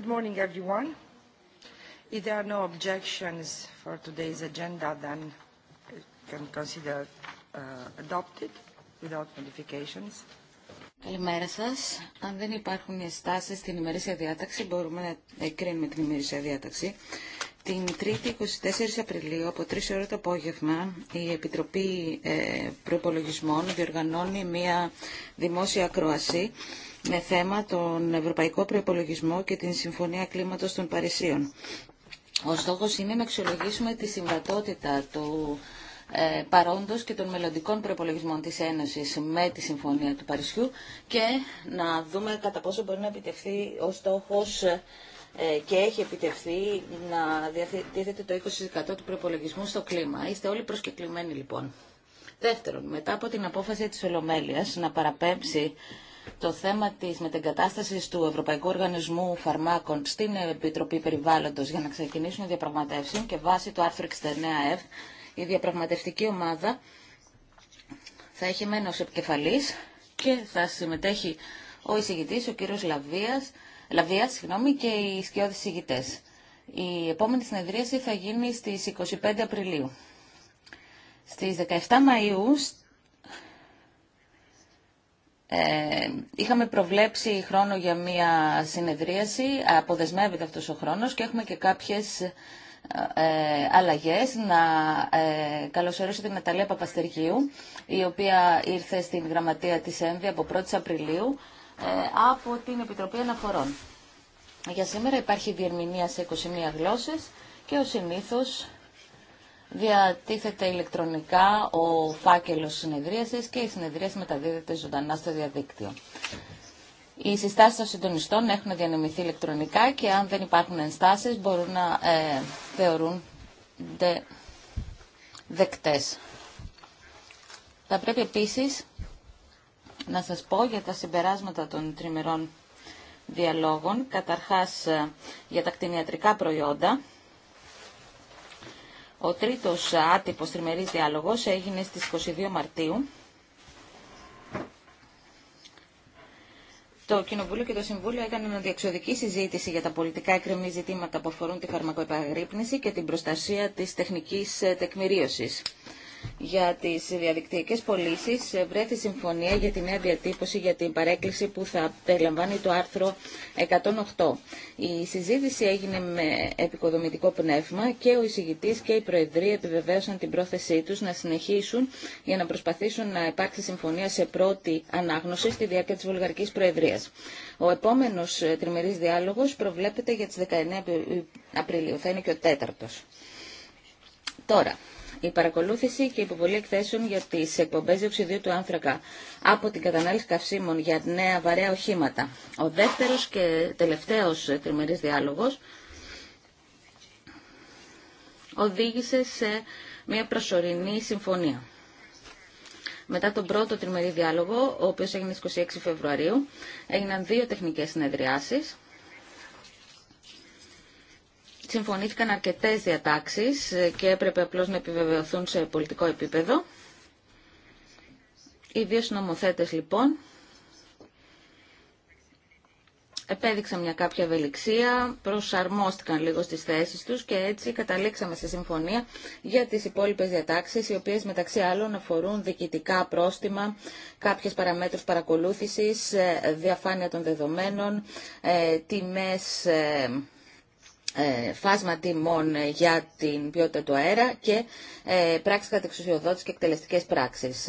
Good morning, everyone. If there are no objections for today's agenda, then can consider uh, adopted without modifications. Καλημέρα σας. Αν δεν υπάρχουν ενστάσεις στην ημερήσια διάταξη, μπορούμε να εγκρίνουμε την ημερήσια διάταξη. Την 3η 24 Απριλίου από 3 ώρα το απόγευμα η Επιτροπή ε, Προϋπολογισμών διοργανώνει η επιτροπη προπολογισμών δημόσια ακροασή με θέμα τον Ευρωπαϊκό Προπολογισμό και την Συμφωνία Κλίματος των Παρισίων. Ο στόχος είναι να αξιολογήσουμε τη συμβατότητα του ε, παρόντος και των μελλοντικών προπολογισμών της Ένωση με τη Συμφωνία του Παρισιού και να δούμε κατά πόσο μπορεί να επιτευχθεί ο στόχος ε, και έχει επιτευχθεί να διαθέτει το 20% του προπολογισμού στο κλίμα. Είστε όλοι προσκεκλημένοι λοιπόν. Δεύτερον, μετά από την απόφαση της Ολομέλειας να παραπέμψει το θέμα της μετεγκατάστασης του Ευρωπαϊκού Οργανισμού Φαρμάκων στην Επιτροπή Περιβάλλοντος για να ξεκινήσουν οι διαπραγματεύσεις και βάσει του άρθρου 69F η διαπραγματευτική ομάδα θα έχει μένα ως επικεφαλής και θα συμμετέχει ο εισηγητής, ο κύριος Λαβίας, Λαβίας συγγνώμη, και οι σκιώδεις εισηγητές. Η επόμενη συνεδρίαση θα γίνει στις 25 Απριλίου. Στις 17 Μαΐου ε, είχαμε προβλέψει χρόνο για μία συνεδρίαση, αποδεσμεύεται αυτός ο χρόνος και έχουμε και κάποιες ε, αλλαγές. Να ε, καλωσορίσω την Ναταλία Παπαστεργίου, η οποία ήρθε στην γραμματεία της ΕΜΒΙ από 1η Απριλίου ε, από την Επιτροπή Αναφορών. Για σήμερα υπάρχει διερμηνία σε 21 γλώσσες και ο συνήθως διατίθεται ηλεκτρονικά ο φάκελος συνεδρίασης και η συνεδρίαση μεταδίδεται ζωντανά στο διαδίκτυο. Οι συστάσει των συντονιστών έχουν διανεμηθεί ηλεκτρονικά και αν δεν υπάρχουν ενστάσεις μπορούν να ε, θεωρούνται δεκτές. Θα πρέπει επίσης να σας πω για τα συμπεράσματα των τριμερών διαλόγων, καταρχάς ε, για τα κτηνιατρικά προϊόντα, ο τρίτος άτυπος τριμερής διάλογος έγινε στις 22 Μαρτίου. Το Κοινοβούλιο και το Συμβούλιο έκαναν διεξοδική συζήτηση για τα πολιτικά εκκρεμή ζητήματα που αφορούν τη φαρμακοεπαγρύπνηση και την προστασία της τεχνικής τεκμηρίωσης για τι διαδικτυακέ πωλήσει ε, βρέθη συμφωνία για τη νέα διατύπωση για την παρέκκληση που θα περιλαμβάνει το άρθρο 108. Η συζήτηση έγινε με επικοδομητικό πνεύμα και ο εισηγητή και η Προεδρία επιβεβαίωσαν την πρόθεσή του να συνεχίσουν για να προσπαθήσουν να υπάρξει συμφωνία σε πρώτη ανάγνωση στη διάρκεια τη Βουλγαρική Προεδρία. Ο επόμενο ε, τριμερή διάλογο προβλέπεται για τι 19 Απριλίου. Θα είναι και ο τέταρτο. Τώρα, η παρακολούθηση και η υποβολή εκθέσεων για τι εκπομπέ διοξιδίου του άνθρακα από την κατανάλυση καυσίμων για νέα βαρέα οχήματα. Ο δεύτερο και τελευταίο τριμερή διάλογο οδήγησε σε μια προσωρινή συμφωνία. Μετά τον πρώτο τριμερή διάλογο, ο οποίος έγινε στις 26 Φεβρουαρίου, έγιναν δύο τεχνικές συνεδριάσεις συμφωνήθηκαν αρκετές διατάξεις και έπρεπε απλώς να επιβεβαιωθούν σε πολιτικό επίπεδο. Οι δύο συνομοθέτες λοιπόν επέδειξαν μια κάποια ευελιξία, προσαρμόστηκαν λίγο στις θέσεις τους και έτσι καταλήξαμε σε συμφωνία για τις υπόλοιπες διατάξεις, οι οποίες μεταξύ άλλων αφορούν διοικητικά πρόστιμα, κάποιες παραμέτρους παρακολούθησης, ε, διαφάνεια των δεδομένων, ε, τιμές ε, ε, φάσμα τιμών για την ποιότητα του αέρα και ε, πράξεις κατεξουσιοδότης και εκτελεστικές πράξεις.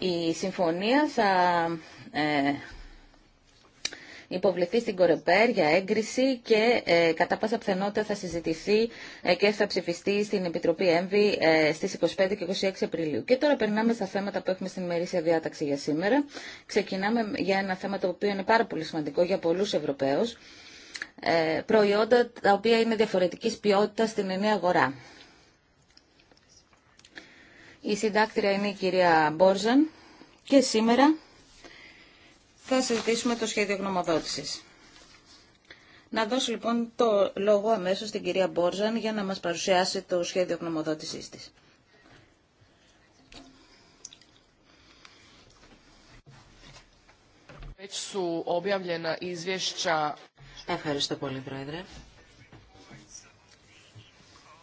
Η συμφωνία θα ε, υποβληθεί στην Κορεπέρ για έγκριση και κατά πάσα πιθανότητα θα συζητηθεί και θα ψηφιστεί στην Επιτροπή ΕΜΒΗ στις 25 και 26 Απριλίου. Και τώρα περνάμε στα θέματα που έχουμε στην ημερήσια διάταξη για σήμερα. Ξεκινάμε για ένα θέμα το οποίο είναι πάρα πολύ σημαντικό για πολλούς Ευρωπαίους ε, προϊόντα τα οποία είναι διαφορετικής ποιότητας στην ενιαία αγορά. Η συντάκτρια είναι η κυρία Μπόρζαν και σήμερα θα συζητήσουμε το σχέδιο γνωμοδότησης. Να δώσω λοιπόν το λόγο αμέσως στην κυρία Μπόρζαν για να μας παρουσιάσει το σχέδιο γνωμοδότησής της. Ευχαριστώ πολύ, Πρόεδρε.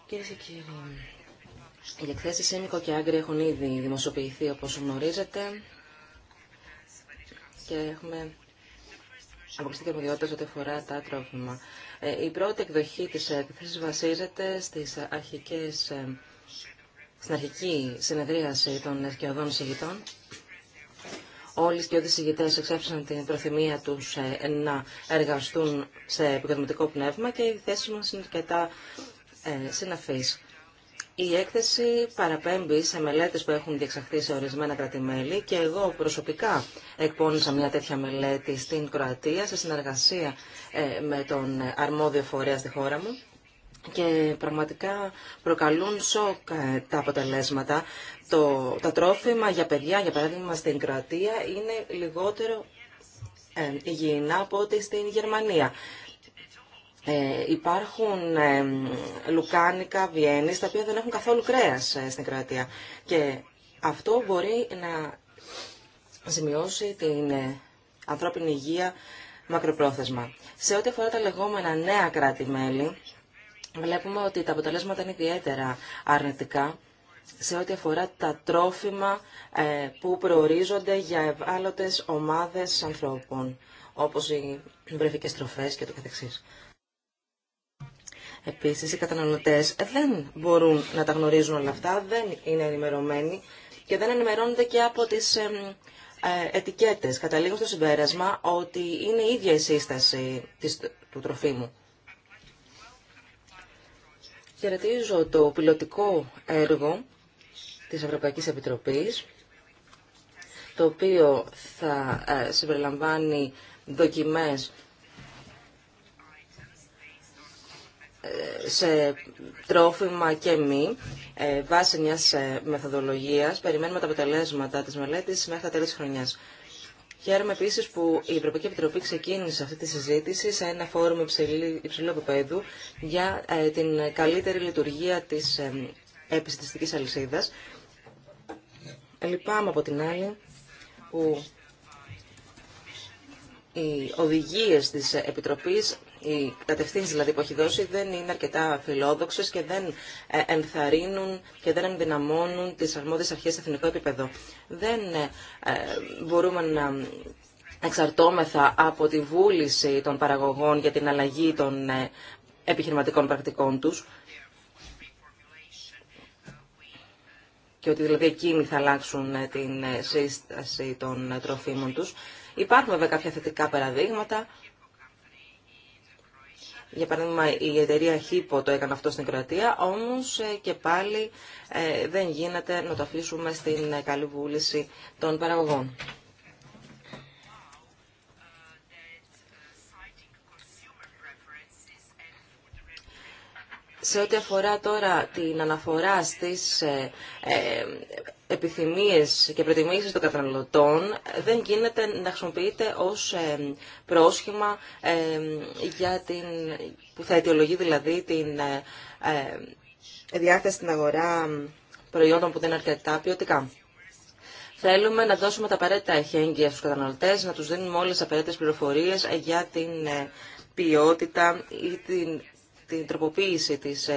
Κυρίε και κύριοι, οι εκθέσει Σέμικο και Άγκρη έχουν ήδη δημοσιοποιηθεί, όπως γνωρίζετε, και έχουμε και αρμοδιότητα ό,τι αφορά τα τρόφιμα. Ε, η πρώτη εκδοχή της έκθεσης βασίζεται στις αρχικές, ε, στην αρχική συνεδρίαση των ευκαιοδών συγητών Όλοι και οι οδησηγητέ εξέφρασαν την προθυμία του ε, να εργαστούν σε επικοδομητικό πνεύμα και οι θέσει μα είναι αρκετά ε, συναφεί. Η έκθεση παραπέμπει σε μελέτε που έχουν διεξαχθεί σε ορισμένα κρατημέλη και εγώ προσωπικά εκπώνησα μια τέτοια μελέτη στην Κροατία σε συνεργασία ε, με τον αρμόδιο φορέα στη χώρα μου και πραγματικά προκαλούν σοκ ε, τα αποτελέσματα. Το, τα τρόφιμα για παιδιά, για παράδειγμα στην Κροατία, είναι λιγότερο ε, υγιεινά από ό,τι στην Γερμανία. Ε, υπάρχουν ε, λουκάνικα, βιέννης, τα οποία δεν έχουν καθόλου κρέας στην Κροατία. Και αυτό μπορεί να ζημιώσει την ανθρώπινη υγεία μακροπρόθεσμα. Σε ό,τι αφορά τα λεγόμενα νέα κράτη-μέλη, βλέπουμε ότι τα αποτελέσματα είναι ιδιαίτερα αρνητικά σε ό,τι αφορά τα τρόφιμα ε, που προορίζονται για ευάλωτες ομάδες ανθρώπων, όπως οι βρεφικές τροφές και το καθεξής. Επίσης, οι καταναλωτές δεν μπορούν να τα γνωρίζουν όλα αυτά, δεν είναι ενημερωμένοι και δεν ενημερώνονται και από τις ε, ετικέτες. Καταλήγουν στο συμπέρασμα ότι είναι η ίδια η σύσταση του τροφίμου. Χαιρετίζω το πιλωτικό έργο της Ευρωπαϊκής Επιτροπής, το οποίο θα ε, συμπεριλαμβάνει δοκιμές ε, σε τρόφιμα και μη, ε, βάσει μιας μεθοδολογίας. Περιμένουμε τα αποτελέσματα της μελέτης μέχρι τα τέλη της χρονιάς. Χαίρομαι επίση που η Ευρωπαϊκή Επιτροπή ξεκίνησε αυτή τη συζήτηση σε ένα φόρουμ υψηλού για ε, την καλύτερη λειτουργία τη ε, επιστημιστική αλυσίδα. Λυπάμαι από την άλλη που οι οδηγίες της Επιτροπής οι κατευθύνσει δηλαδή που έχει δώσει δεν είναι αρκετά φιλόδοξε και δεν ε, ενθαρρύνουν και δεν ενδυναμώνουν τις αρμόδιες αρχές σε εθνικό επίπεδο. Δεν ε, ε, μπορούμε να εξαρτώμεθα από τη βούληση των παραγωγών για την αλλαγή των επιχειρηματικών πρακτικών τους και ότι δηλαδή εκείνοι θα αλλάξουν την σύσταση των τροφίμων τους. Υπάρχουν βέβαια κάποια θετικά παραδείγματα για παράδειγμα, η εταιρεία Hippo το έκανε αυτό στην Κροατία, όμως ε, και πάλι ε, δεν γίνεται να το αφήσουμε στην καλή βούληση των παραγωγών. Σε ό,τι αφορά τώρα την αναφορά στις ε, επιθυμίες και προτιμήσεις των καταναλωτών δεν γίνεται να χρησιμοποιείται ως ε, πρόσχημα ε, για την, που θα αιτιολογεί δηλαδή την ε, διάθεση στην αγορά προϊόντων που δεν είναι αρκετά ποιοτικά. Θέλουμε να δώσουμε τα απαραίτητα εχέγγυα στους καταναλωτές, να τους δίνουμε όλες τις απαραίτητες πληροφορίες για την ποιότητα ή την, την τροποποίηση της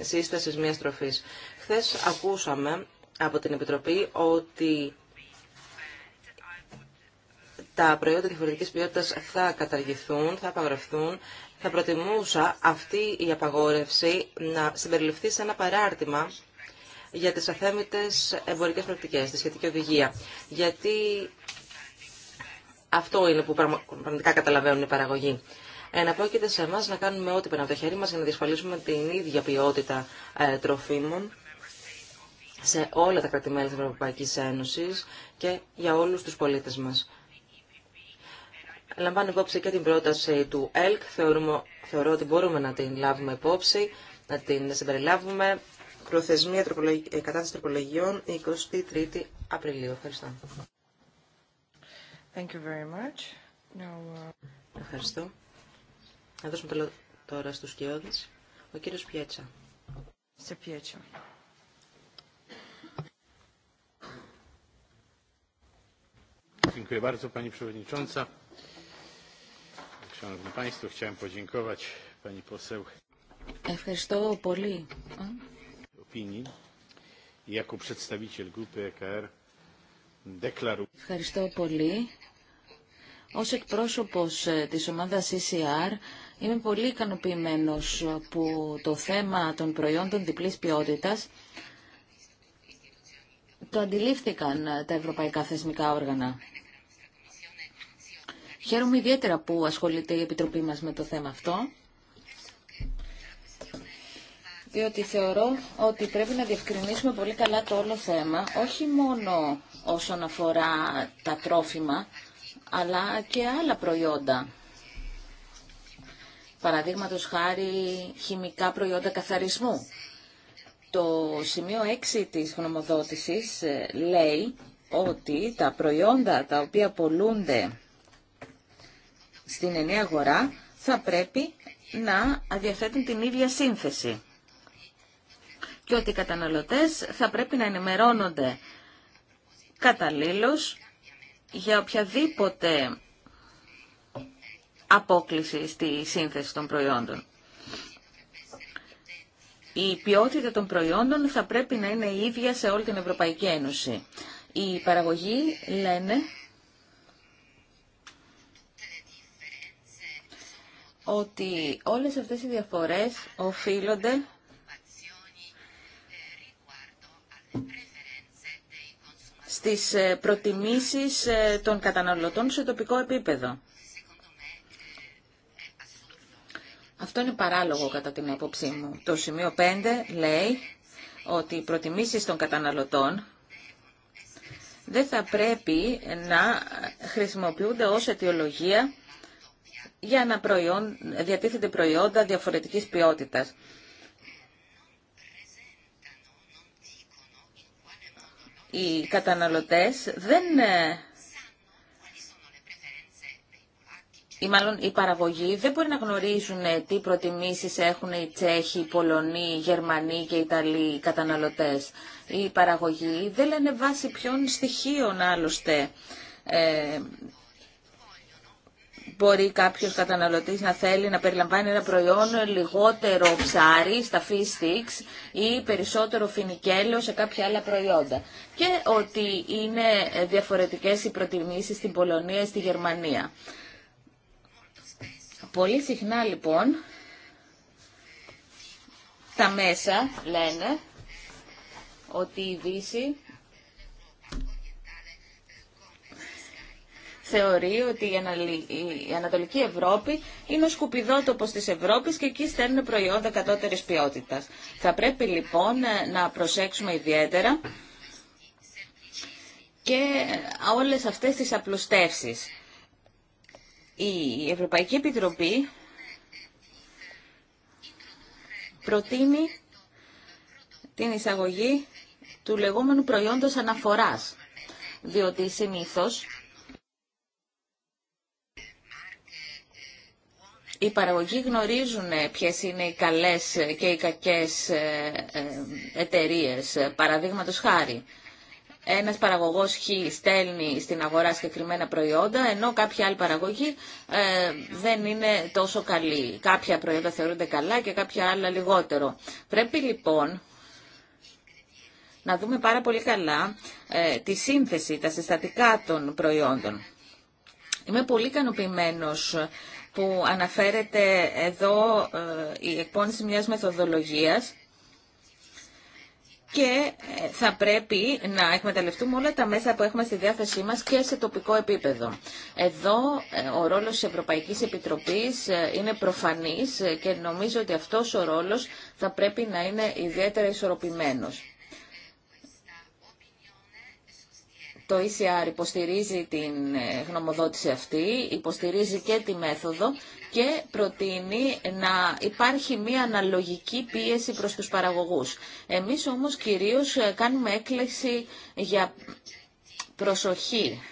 σύστασης μιας τροφής. Χθες ακούσαμε από την Επιτροπή ότι τα προϊόντα διαφορετική ποιότητα θα καταργηθούν, θα απαγορευθούν, Θα προτιμούσα αυτή η απαγόρευση να συμπεριληφθεί σε ένα παράρτημα για τις αθέμητες εμπορικές πρακτικές, τη σχετική οδηγία. Γιατί αυτό είναι που πραγματικά καταλαβαίνουν οι παραγωγοί. Εναπόκειται σε εμά να κάνουμε ό,τι πέρα από το χέρι μας για να διασφαλίσουμε την ίδια ποιότητα ε, τροφίμων σε όλα τα κρατημέλη της Ευρωπαϊκής Ένωσης και για όλους τους πολίτες μας. Λαμβάνω υπόψη και την πρόταση του ΕΛΚ. Θεωρούμε, θεωρώ ότι μπορούμε να την λάβουμε υπόψη, να την συμπεριλάβουμε. Προθεσμία τροπολογι... Ε, κατάσταση τροπολογιών 23η Απριλίου. Ευχαριστώ. Thank you very much. Uh, Ευχαριστώ. Να δώσουμε τώρα στους κοιόδες. Ο κύριος Πιέτσα. Σε Πιέτσα. Pani Przewodnicząca. Szanowni Państwo, chciałem podziękować Pani Poseł. Ευχαριστώ πολύ. Jako przedstawiciel grupy EKR deklaruję. Ως εκπρόσωπος ε, της ομάδας CCR είμαι πολύ ικανοποιημένος που το θέμα των προϊόντων διπλής ποιότητας το αντιλήφθηκαν τα ευρωπαϊκά θεσμικά όργανα. Χαίρομαι ιδιαίτερα που ασχολείται η Επιτροπή μας με το θέμα αυτό διότι θεωρώ ότι πρέπει να διευκρινίσουμε πολύ καλά το όλο θέμα, όχι μόνο όσον αφορά τα τρόφιμα, αλλά και άλλα προϊόντα. Παραδείγματο χάρη χημικά προϊόντα καθαρισμού. Το σημείο 6 της γνωμοδότησης ε, λέει ότι τα προϊόντα τα οποία πολλούνται στην ενιαία αγορά θα πρέπει να διαθέτουν την ίδια σύνθεση και ότι οι καταναλωτές θα πρέπει να ενημερώνονται καταλήλως για οποιαδήποτε απόκληση στη σύνθεση των προϊόντων. Η ποιότητα των προϊόντων θα πρέπει να είναι η ίδια σε όλη την Ευρωπαϊκή Ένωση. Οι παραγωγοί λένε ότι όλες αυτές οι διαφορές οφείλονται στις ε, προτιμήσεις ε, των καταναλωτών σε τοπικό επίπεδο. Αυτό είναι παράλογο κατά την άποψή μου. Το σημείο 5 λέει ότι οι προτιμήσεις των καταναλωτών δεν θα πρέπει να χρησιμοποιούνται ως αιτιολογία για ένα προϊόν, διατίθεται προϊόντα διαφορετικής ποιότητας. Οι καταναλωτές δεν... Ε, ή μάλλον οι παραγωγοί δεν μπορεί να γνωρίζουν ε, τι προτιμήσεις έχουν οι Τσέχοι, οι Πολωνοί, οι Γερμανοί και οι Ιταλοί οι καταναλωτές. Οι παραγωγοί δεν λένε βάσει ποιων στοιχείων άλλωστε ε, μπορεί κάποιος καταναλωτής να θέλει να περιλαμβάνει ένα προϊόν λιγότερο ψάρι στα η περισσοτερο φινικέλο σε καποια αλλα προιοντα και οτι ειναι διαφορετικες οι προτιμησεις στην πολωνια η στη γερμανια πολυ συχνα λοιπον τα μεσα λενε οτι η δυση θεωρεί ότι η Ανατολική Ευρώπη είναι ο σκουπιδότοπος της Ευρώπης και εκεί στέλνουν προϊόντα κατώτερης ποιότητας. Θα πρέπει λοιπόν να προσέξουμε ιδιαίτερα και όλες αυτές τις απλουστεύσεις. Η Ευρωπαϊκή Επιτροπή προτείνει την εισαγωγή του λεγόμενου προϊόντος αναφοράς, διότι συνήθως Οι παραγωγοί γνωρίζουν ε, ποιες είναι οι καλές και οι κακές ε, ε, εταιρείες, παραδείγματος χάρη. Ένας παραγωγός Χ στέλνει στην αγορά συγκεκριμένα προϊόντα, ενώ κάποια άλλη παραγωγή δεν είναι τόσο καλή. Κάποια προϊόντα θεωρούνται καλά και κάποια άλλα λιγότερο. Πρέπει λοιπόν να δούμε πάρα πολύ καλά τη σύνθεση, τα συστατικά των προϊόντων. Είμαι πολύ ικανοποιημένο που αναφέρεται εδώ ε, η εκπόνηση μιας μεθοδολογίας και ε, θα πρέπει να εκμεταλλευτούμε όλα τα μέσα που έχουμε στη διάθεσή μας και σε τοπικό επίπεδο. Εδώ ε, ο ρόλος της Ευρωπαϊκής Επιτροπής είναι προφανής και νομίζω ότι αυτός ο ρόλος θα πρέπει να είναι ιδιαίτερα ισορροπημένος. Το ECR υποστηρίζει την ε, γνωμοδότηση αυτή, υποστηρίζει και τη μέθοδο και προτείνει να υπάρχει μία αναλογική πίεση προς τους παραγωγούς. Εμείς όμως κυρίως ε, κάνουμε έκκληση για προσοχή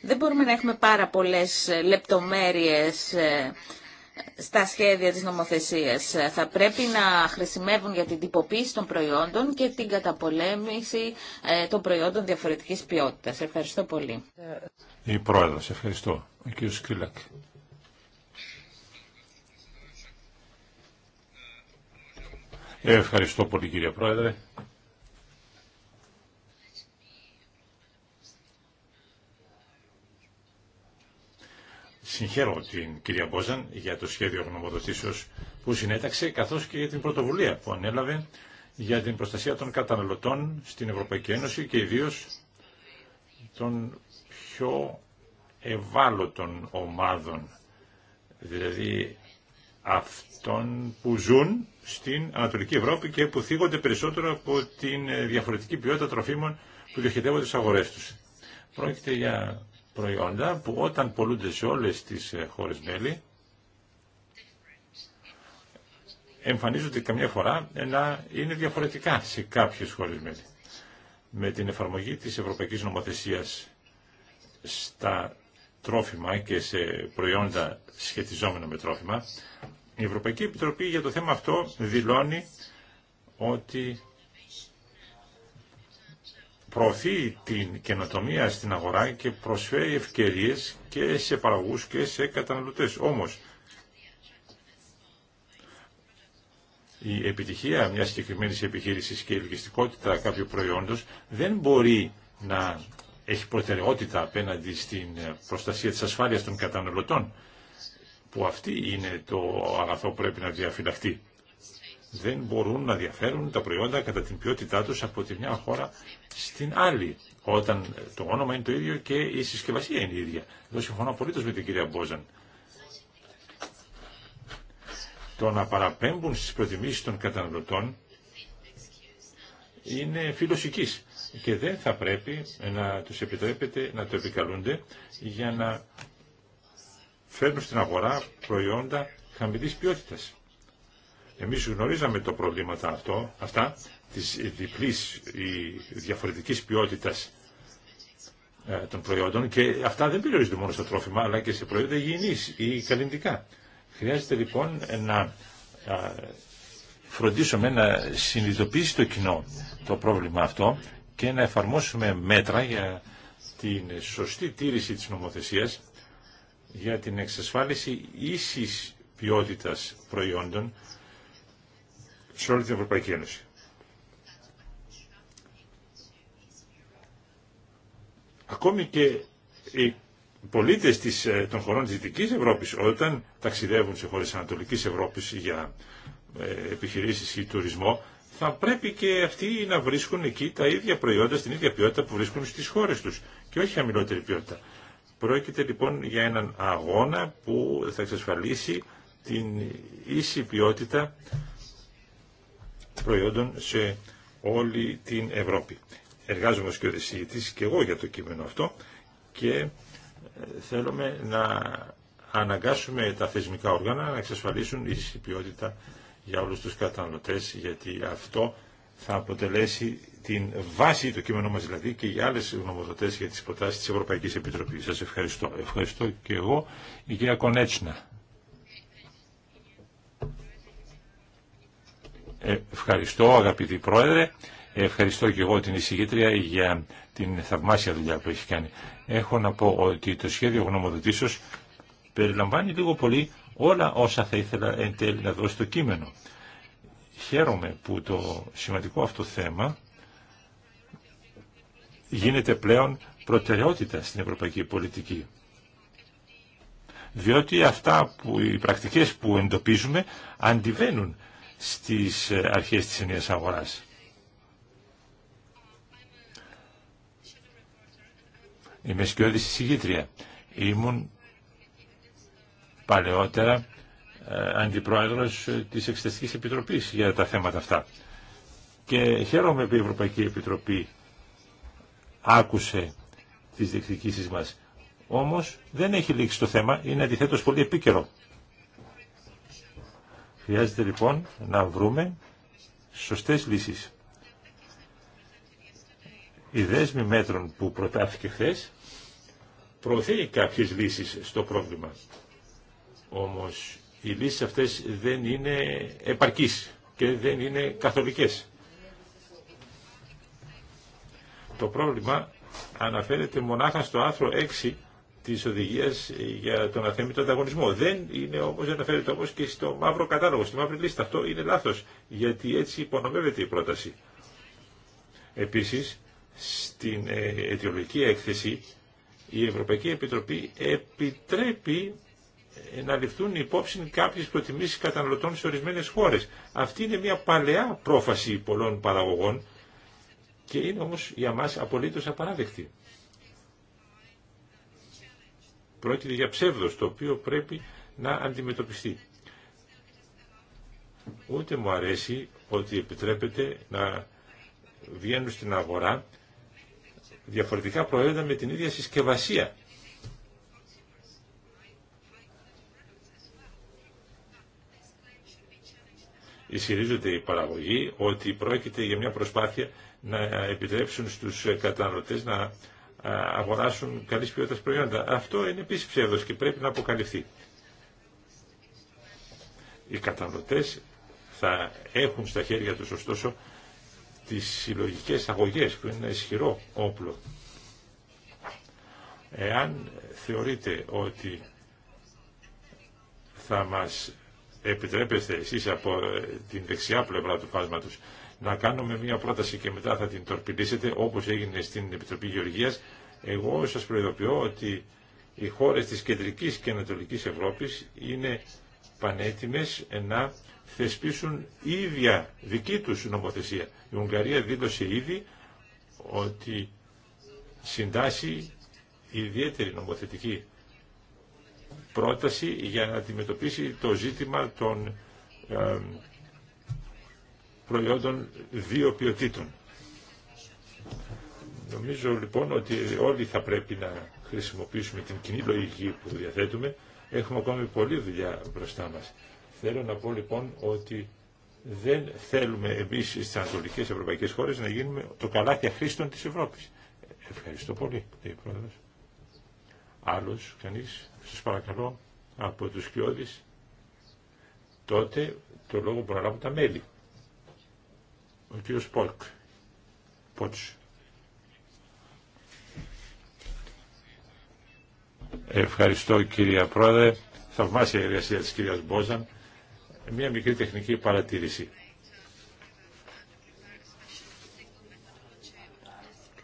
Δεν μπορούμε να έχουμε πάρα πολλές ε, λεπτομέρειες στα σχέδια της νομοθεσίας. Θα πρέπει να χρησιμεύουν για την τυποποίηση των προϊόντων και την καταπολέμηση ε, των προϊόντων διαφορετικής ποιότητας. Ευχαριστώ πολύ. Η Πρόεδρος, ευχαριστώ. Ο κ. Σκύλακ. Ε, ευχαριστώ πολύ κύριε Πρόεδρε. Συγχαίρω την κυρία Μπόζαν για το σχέδιο γνωμοδοτήσεως που συνέταξε, καθώς και για την πρωτοβουλία που ανέλαβε για την προστασία των καταναλωτών στην Ευρωπαϊκή Ένωση και ιδίως των πιο ευάλωτων ομάδων, δηλαδή αυτών που ζουν στην Ανατολική Ευρώπη και που θίγονται περισσότερο από την διαφορετική ποιότητα τροφίμων που διοχετεύονται στις αγορές τους. Πρόκειται για προϊόντα που όταν πολλούνται σε όλες τις ε, χώρες μέλη εμφανίζονται καμιά φορά να είναι διαφορετικά σε κάποιες χώρες μέλη. Με την εφαρμογή της Ευρωπαϊκής Νομοθεσίας στα τρόφιμα και σε προϊόντα σχετιζόμενα με τρόφιμα, η Ευρωπαϊκή Επιτροπή για το θέμα αυτό δηλώνει ότι προωθεί την καινοτομία στην αγορά και προσφέρει ευκαιρίες και σε παραγωγούς και σε καταναλωτές. Όμως, η επιτυχία μιας συγκεκριμένη επιχείρηση και η ελκυστικότητα κάποιου προϊόντος δεν μπορεί να έχει προτεραιότητα απέναντι στην προστασία της ασφάλειας των καταναλωτών, που αυτή είναι το αγαθό που πρέπει να διαφυλαχτεί δεν μπορούν να διαφέρουν τα προϊόντα κατά την ποιότητά τους από τη μια χώρα στην άλλη, όταν το όνομα είναι το ίδιο και η συσκευασία είναι η ίδια. Εδώ συμφωνώ απολύτως με την κυρία Μπόζαν. Το να παραπέμπουν στις προτιμήσεις των καταναλωτών είναι φιλοσικής και δεν θα πρέπει να τους επιτρέπεται να το επικαλούνται για να φέρνουν στην αγορά προϊόντα χαμηλής ποιότητας. Εμείς γνωρίζαμε το προβλήματα αυτό, αυτά της διπλής ή διαφορετικής ποιότητας ε, των προϊόντων και αυτά δεν περιορίζονται μόνο στο τρόφιμα αλλά και σε προϊόντα υγιεινής ή καλλιντικά. Χρειάζεται λοιπόν να φροντίσουμε να συνειδητοποιήσει το κοινό το πρόβλημα αυτό και να εφαρμόσουμε μέτρα για την σωστή τήρηση της νομοθεσίας για την εξασφάλιση ίσης ποιότητας προϊόντων σε όλη την Ευρωπαϊκή Ένωση. Ακόμη και οι πολίτες της, ε, των χωρών της Δυτικής Ευρώπης όταν ταξιδεύουν σε χώρες Ανατολικής Ευρώπης για ε, επιχειρήσεις ή τουρισμό θα πρέπει και αυτοί να βρίσκουν εκεί τα ίδια προϊόντα στην ίδια ποιότητα που βρίσκουν στις χώρες τους και όχι χαμηλότερη ποιότητα. Πρόκειται λοιπόν για έναν αγώνα που θα εξασφαλίσει την ίση ποιότητα προϊόντων σε όλη την Ευρώπη. Εργάζομαι ως και ο και εγώ για το κείμενο αυτό και ε, θέλουμε να αναγκάσουμε τα θεσμικά όργανα να εξασφαλίσουν ίση ποιότητα για όλους τους καταναλωτές γιατί αυτό θα αποτελέσει την βάση, το κείμενο μας δηλαδή, και για άλλες γνωμοδοτές για τις προτάσεις της Ευρωπαϊκής Επιτροπής. Σας ευχαριστώ. Ευχαριστώ και εγώ, η κυρία Κονέτσνα. Ε, ευχαριστώ αγαπητή Πρόεδρε. Ευχαριστώ και εγώ την εισηγήτρια για την θαυμάσια δουλειά που έχει κάνει. Έχω να πω ότι το σχέδιο γνωμοδοτήσεως περιλαμβάνει λίγο πολύ όλα όσα θα ήθελα εν τέλει να δώσει το κείμενο. Χαίρομαι που το σημαντικό αυτό θέμα γίνεται πλέον προτεραιότητα στην ευρωπαϊκή πολιτική. Διότι αυτά που οι πρακτικές που εντοπίζουμε αντιβαίνουν στις ε, αρχές της ενιαίας αγοράς. Είμαι σκιώδης εισηγήτρια. Ήμουν παλαιότερα ε, αντιπρόεδρος της Εξεταστικής Επιτροπής για τα θέματα αυτά. Και χαίρομαι που η Ευρωπαϊκή Επιτροπή άκουσε τις διεκδικήσεις μας. Όμως δεν έχει λήξει το θέμα, είναι αντιθέτως πολύ επίκαιρο. Χρειάζεται λοιπόν να βρούμε σωστές λύσεις. Η δέσμη μέτρων που προτάθηκε χθε προωθεί κάποιες λύσεις στο πρόβλημα. Όμως οι λύσεις αυτές δεν είναι επαρκείς και δεν είναι καθολικές. Το πρόβλημα αναφέρεται μονάχα στο άρθρο 6 τη οδηγία για τον αθέμητο ανταγωνισμό. Δεν είναι όμως, αναφέρεται όμω και στο μαύρο κατάλογο, στη μαύρη λίστα. Αυτό είναι λάθος, γιατί έτσι υπονομεύεται η πρόταση. Επίσης, στην ε, αιτιολογική έκθεση, η Ευρωπαϊκή Επιτροπή επιτρέπει ε, να ληφθούν υπόψη κάποιε προτιμήσει καταναλωτών σε ορισμένες χώρες. Αυτή είναι μια παλαιά πρόφαση πολλών παραγωγών και είναι όμως για μας απολύτως απαράδεκτη. Πρόκειται για ψεύδος, το οποίο πρέπει να αντιμετωπιστεί. Ούτε μου αρέσει ότι επιτρέπεται να βγαίνουν στην αγορά διαφορετικά προϊόντα με την ίδια συσκευασία. Ισχυρίζονται η παραγωγοί ότι πρόκειται για μια προσπάθεια να επιτρέψουν στους καταναλωτές να αγοράσουν καλής ποιότητας προϊόντα. Αυτό είναι επίση ψεύδος και πρέπει να αποκαλυφθεί. Οι καταναλωτέ θα έχουν στα χέρια τους ωστόσο τις συλλογικέ αγωγέ που είναι ένα ισχυρό όπλο. Εάν θεωρείτε ότι θα μας επιτρέπεστε εσείς από ε, την δεξιά πλευρά του φάσματος να κάνουμε μια πρόταση και μετά θα την τορπιλήσετε όπως έγινε στην Επιτροπή Γεωργίας. Εγώ σας προειδοποιώ ότι οι χώρες της κεντρικής και ανατολικής Ευρώπης είναι πανέτοιμες να θεσπίσουν ίδια δική τους νομοθεσία. Η Ουγγαρία δήλωσε ήδη ότι συντάσσει ιδιαίτερη νομοθετική πρόταση για να αντιμετωπίσει το ζήτημα των ε, προϊόντων δύο ποιοτήτων. Νομίζω λοιπόν ότι όλοι θα πρέπει να χρησιμοποιήσουμε την κοινή λογική που διαθέτουμε. Έχουμε ακόμη πολλή δουλειά μπροστά μας. Θέλω να πω λοιπόν ότι δεν θέλουμε εμείς στις ανατολικές ευρωπαϊκές χώρες να γίνουμε το καλάθι αχρήστων της Ευρώπης. Ευχαριστώ πολύ, λέει πρόεδρος. Άλλος, κανείς, σας παρακαλώ, από τους κοιόδης, τότε το λόγο μπορεί τα μέλη. Ο κύριος Πόρκ. Ευχαριστώ κυρία Πρόεδρε. Θαυμάσια η εργασία της κυρίας Μπόζαν. Μία μικρή τεχνική παρατήρηση.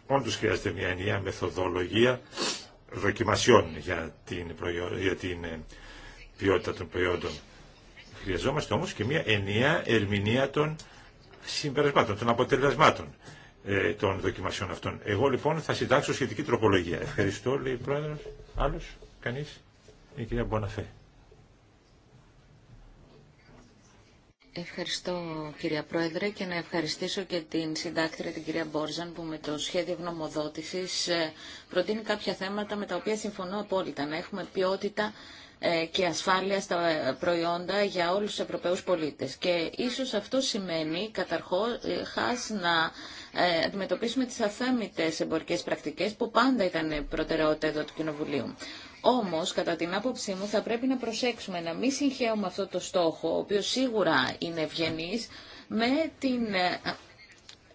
Όντω χρειάζεται μια ενιαία μεθοδολογία δοκιμασιών για την, για την ε, ποιότητα των προϊόντων. Χρειαζόμαστε όμως και μια ενιαία ερμηνεία των συμπερασμάτων, των αποτελεσμάτων ε, των δοκιμασιών αυτών. Εγώ λοιπόν θα συντάξω σχετική τροπολογία. Ευχαριστώ, λέει ο Πρόεδρος. Άλλος, κανείς, η κυρία Μποναφέ. Ευχαριστώ κυρία Πρόεδρε και να ευχαριστήσω και την συντάκτρια την κυρία Μπόρζαν που με το σχέδιο γνωμοδότησης ε, προτείνει κάποια θέματα με τα οποία συμφωνώ απόλυτα. Να έχουμε ποιότητα ε, και ασφάλεια στα προϊόντα για όλους τους Ευρωπαίους πολίτες. Και ίσως αυτό σημαίνει καταρχώς να ε, αντιμετωπίσουμε τις αθέμητες εμπορικές πρακτικές που πάντα ήταν προτεραιότητα εδώ του Κοινοβουλίου. Όμως, κατά την άποψή μου, θα πρέπει να προσέξουμε να μην συγχαίουμε αυτό το στόχο, ο οποίος σίγουρα είναι ευγενής, με την ε,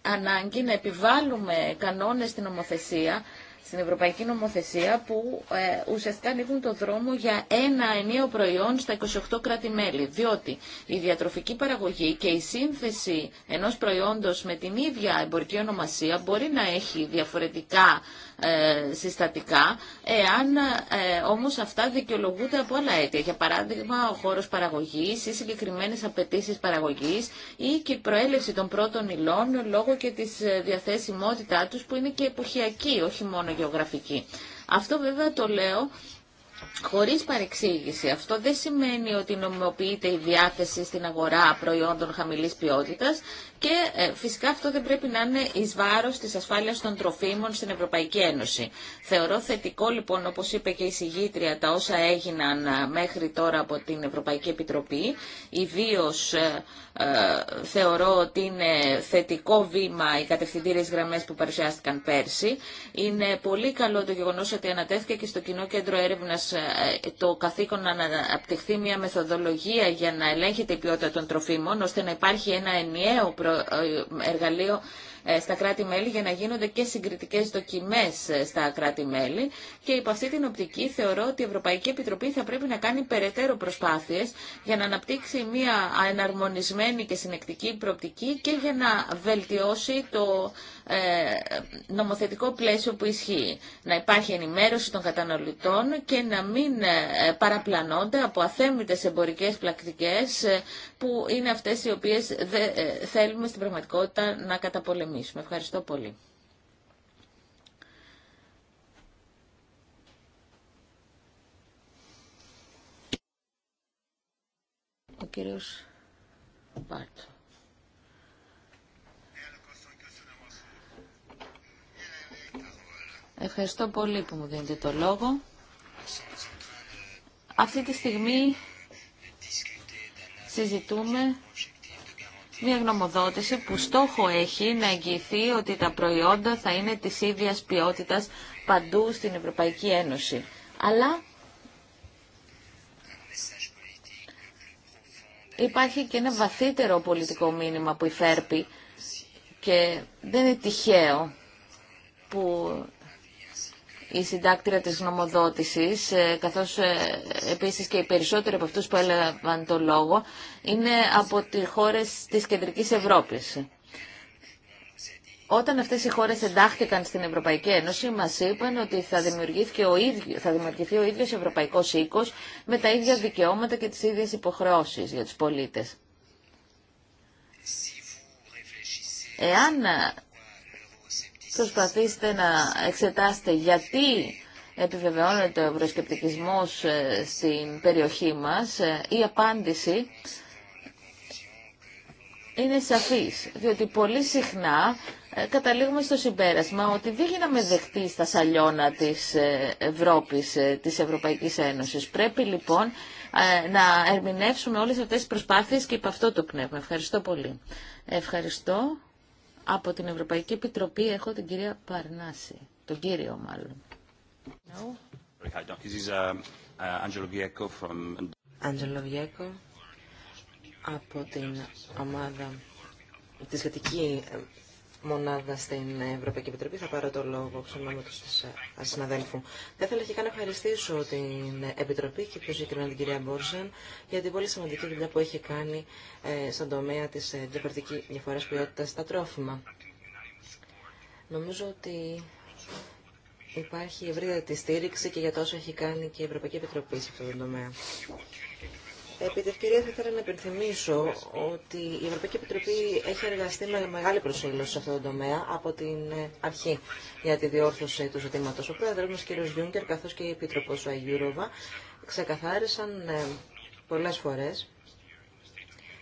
ανάγκη να επιβάλλουμε κανόνες στην ομοθέσια, στην Ευρωπαϊκή Νομοθεσία που ε, ουσιαστικά ανοίγουν το δρόμο για ένα ενίο προϊόν στα 28 κράτη-μέλη. Διότι η διατροφική παραγωγή και η σύνθεση ενός προϊόντος με την ίδια εμπορική ονομασία μπορεί να έχει διαφορετικά ε, συστατικά, εάν ε, όμως αυτά δικαιολογούνται από άλλα αίτια. Για παράδειγμα, ο χώρος παραγωγής ή συγκεκριμένες απαιτήσει παραγωγής ή και η προέλευση των πρώτων υλών λόγω και της ε, διαθέσιμότητά τους που είναι και εποχιακή, όχι μόνο γεωγραφική. Αυτό βέβαια το λέω Χωρίς παρεξήγηση, αυτό δεν σημαίνει ότι νομιμοποιείται η διάθεση στην αγορά προϊόντων χαμηλής ποιότητας και ε, φυσικά αυτό δεν πρέπει να είναι εις βάρος της ασφάλειας των τροφίμων στην Ευρωπαϊκή Ένωση. Θεωρώ θετικό λοιπόν, όπως είπε και η συγγήτρια, τα όσα έγιναν ε, μέχρι τώρα από την Ευρωπαϊκή Επιτροπή. Ιδίω ε, θεωρώ ότι είναι θετικό βήμα οι κατευθυντήριες γραμμές που παρουσιάστηκαν πέρσι. Είναι πολύ καλό το γεγονός ότι ανατέθηκε στο Κοινό Κέντρο ε, το καθήκον να αναπτυχθεί μια μεθοδολογία για να ελέγχεται η ποιότητα των τροφίμων, ώστε να υπάρχει ένα ενιαίο ε, εργαλείο ε, στα κράτη-μέλη για να γίνονται και συγκριτικές δοκιμές στα κράτη-μέλη και υπό αυτή την οπτική θεωρώ ότι η Ευρωπαϊκή Επιτροπή θα πρέπει να κάνει περαιτέρω προσπάθειες για να αναπτύξει μια εναρμονισμένη και συνεκτική προοπτική και για να βελτιώσει το ε, νομοθετικό πλαίσιο που ισχύει. Να υπάρχει ενημέρωση των καταναλωτών και να μην ε, παραπλανώνται από αθέμητες εμπορικές πρακτικές ε, που είναι αυτές οι οποίες θέλουμε στην πραγματικότητα να καταπολεμήσουμε. Ευχαριστώ πολύ. Ο κύριος Ευχαριστώ πολύ που μου δίνετε το λόγο. Αυτή τη στιγμή συζητούμε μια γνωμοδότηση που στόχο έχει να εγγυηθεί ότι τα προϊόντα θα είναι της ίδιας ποιότητας παντού στην Ευρωπαϊκή Ένωση. Αλλά υπάρχει και ένα βαθύτερο πολιτικό μήνυμα που υφέρπει και δεν είναι τυχαίο που η συντάκτηρα της νομοδότησης, ε, καθώς ε, επίσης και οι περισσότεροι από αυτούς που έλαβαν το λόγο, είναι από τις χώρες της Κεντρικής Ευρώπης. Όταν αυτές οι χώρες εντάχθηκαν στην Ευρωπαϊκή Ένωση, μας είπαν ότι θα, δημιουργήθηκε ο ίδιο, θα δημιουργηθεί ο ίδιος ευρωπαϊκός οίκος με τα ίδια δικαιώματα και τις ίδιες υποχρεώσεις για τους πολίτες. Εάν προσπαθήστε να εξετάσετε γιατί επιβεβαιώνεται ο ευρωσκεπτικισμός ε, στην περιοχή μας, ε, η απάντηση είναι σαφής, διότι πολύ συχνά ε, καταλήγουμε στο συμπέρασμα ότι δεν γίναμε δεχτεί στα σαλιώνα της Ευρώπης, της Ευρωπαϊκής Ένωσης. Πρέπει λοιπόν να ερμηνεύσουμε όλες αυτές τις προσπάθειες και υπ' αυτό το πνεύμα. Ευχαριστώ πολύ. Ευχαριστώ. Από την Ευρωπαϊκή Επιτροπή έχω την κυρία Παρνάση, τον κύριο μάλλον. Άντζελο Βιέκο um, uh, από την ομάδα, τη σχετική μονάδα στην Ευρωπαϊκή Επιτροπή. Θα πάρω το λόγο ξανά του ε, συναδέλφου. Θα ήθελα και καν να ευχαριστήσω την Επιτροπή και πιο συγκεκριμένα την κυρία Μπόρζαν για την πολύ σημαντική δουλειά που έχει κάνει ε, στον τομέα τη διαφορετική ε, διαφορά ποιότητα στα τρόφιμα. Νομίζω ότι υπάρχει ευρύτερη στήριξη και για τόσο έχει κάνει και η Ευρωπαϊκή Επιτροπή σε αυτόν τον τομέα. Επί τη ευκαιρία θα ήθελα να υπενθυμίσω ότι η Ευρωπαϊκή Επιτροπή έχει εργαστεί με μεγάλη προσήλωση σε αυτό το τομέα από την αρχή για τη διόρθωση του ζητήματος. Ο πρόεδρος μας κ. Γιούγκερ καθώς και η Επίτροπος Αγιούροβα ξεκαθάρισαν ε, πολλές φορές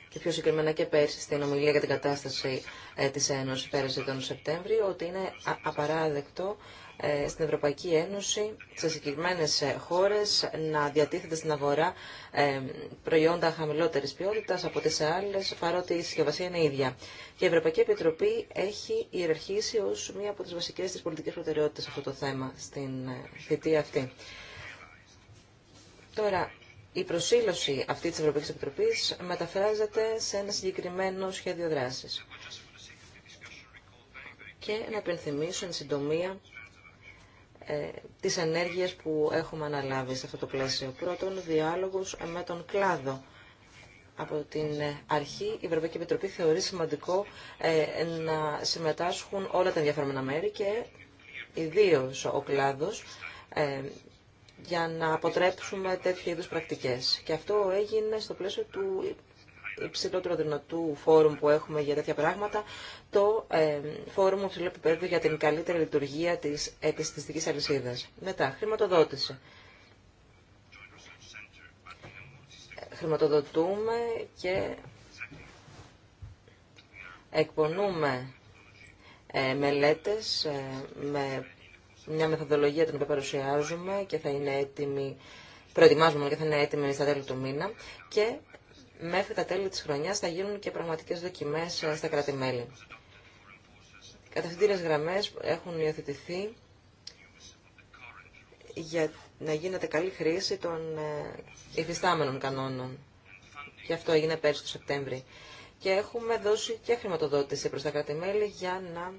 και πιο συγκεκριμένα και πέρσι στην ομιλία για την κατάσταση ε, της Ένωσης πέρασε τον Σεπτέμβριο ότι είναι απαράδεκτο ε, στην Ευρωπαϊκή Ένωση, σε συγκεκριμένε ε, χώρε, να διατίθεται στην αγορά ε, προϊόντα χαμηλότερη ποιότητα από τι άλλε, παρότι η συσκευασία είναι ίδια. Και η Ευρωπαϊκή Επιτροπή έχει ιεραρχήσει ω μία από τι βασικέ τη πολιτικέ προτεραιότητε αυτό το θέμα στην θητεία αυτή. Τώρα, η προσήλωση αυτή της Ευρωπαϊκής Επιτροπής μεταφράζεται σε ένα συγκεκριμένο σχέδιο δράσης. Και να επενθυμίσω εν συντομία ε, τις ενέργειες που έχουμε αναλάβει σε αυτό το πλαίσιο. Πρώτον, διάλογος με τον κλάδο. Από την ε, αρχή η Ευρωπαϊκή Επιτροπή θεωρεί σημαντικό ε, να συμμετάσχουν όλα τα ενδιαφέρομενα μέρη και ιδίως ο κλάδος για να αποτρέψουμε τέτοιου είδους πρακτικές. Και αυτό έγινε στο πλαίσιο του υψηλότερο δυνατού φόρουμ που έχουμε για τέτοια πράγματα, το ε, φόρουμ υψηλού επίπεδου για την καλύτερη λειτουργία της επιστημιστική αλυσίδα. Μετά, χρηματοδότηση. Χρηματοδοτούμε και εκπονούμε ε, μελέτες ε, με μια μεθοδολογία την οποία παρουσιάζουμε και θα είναι έτοιμη, προετοιμάζουμε και θα είναι έτοιμη στα τέλη του μήνα και μέχρι τα τέλη της χρονιάς θα γίνουν και πραγματικές δοκιμές ε, στα κράτη-μέλη. Κατευθυντήρες γραμμές έχουν υιοθετηθεί για να γίνεται καλή χρήση των ε, υφιστάμενων κανόνων. Και αυτό έγινε πέρσι το Σεπτέμβρη. Και έχουμε δώσει και χρηματοδότηση προς τα κράτη-μέλη για να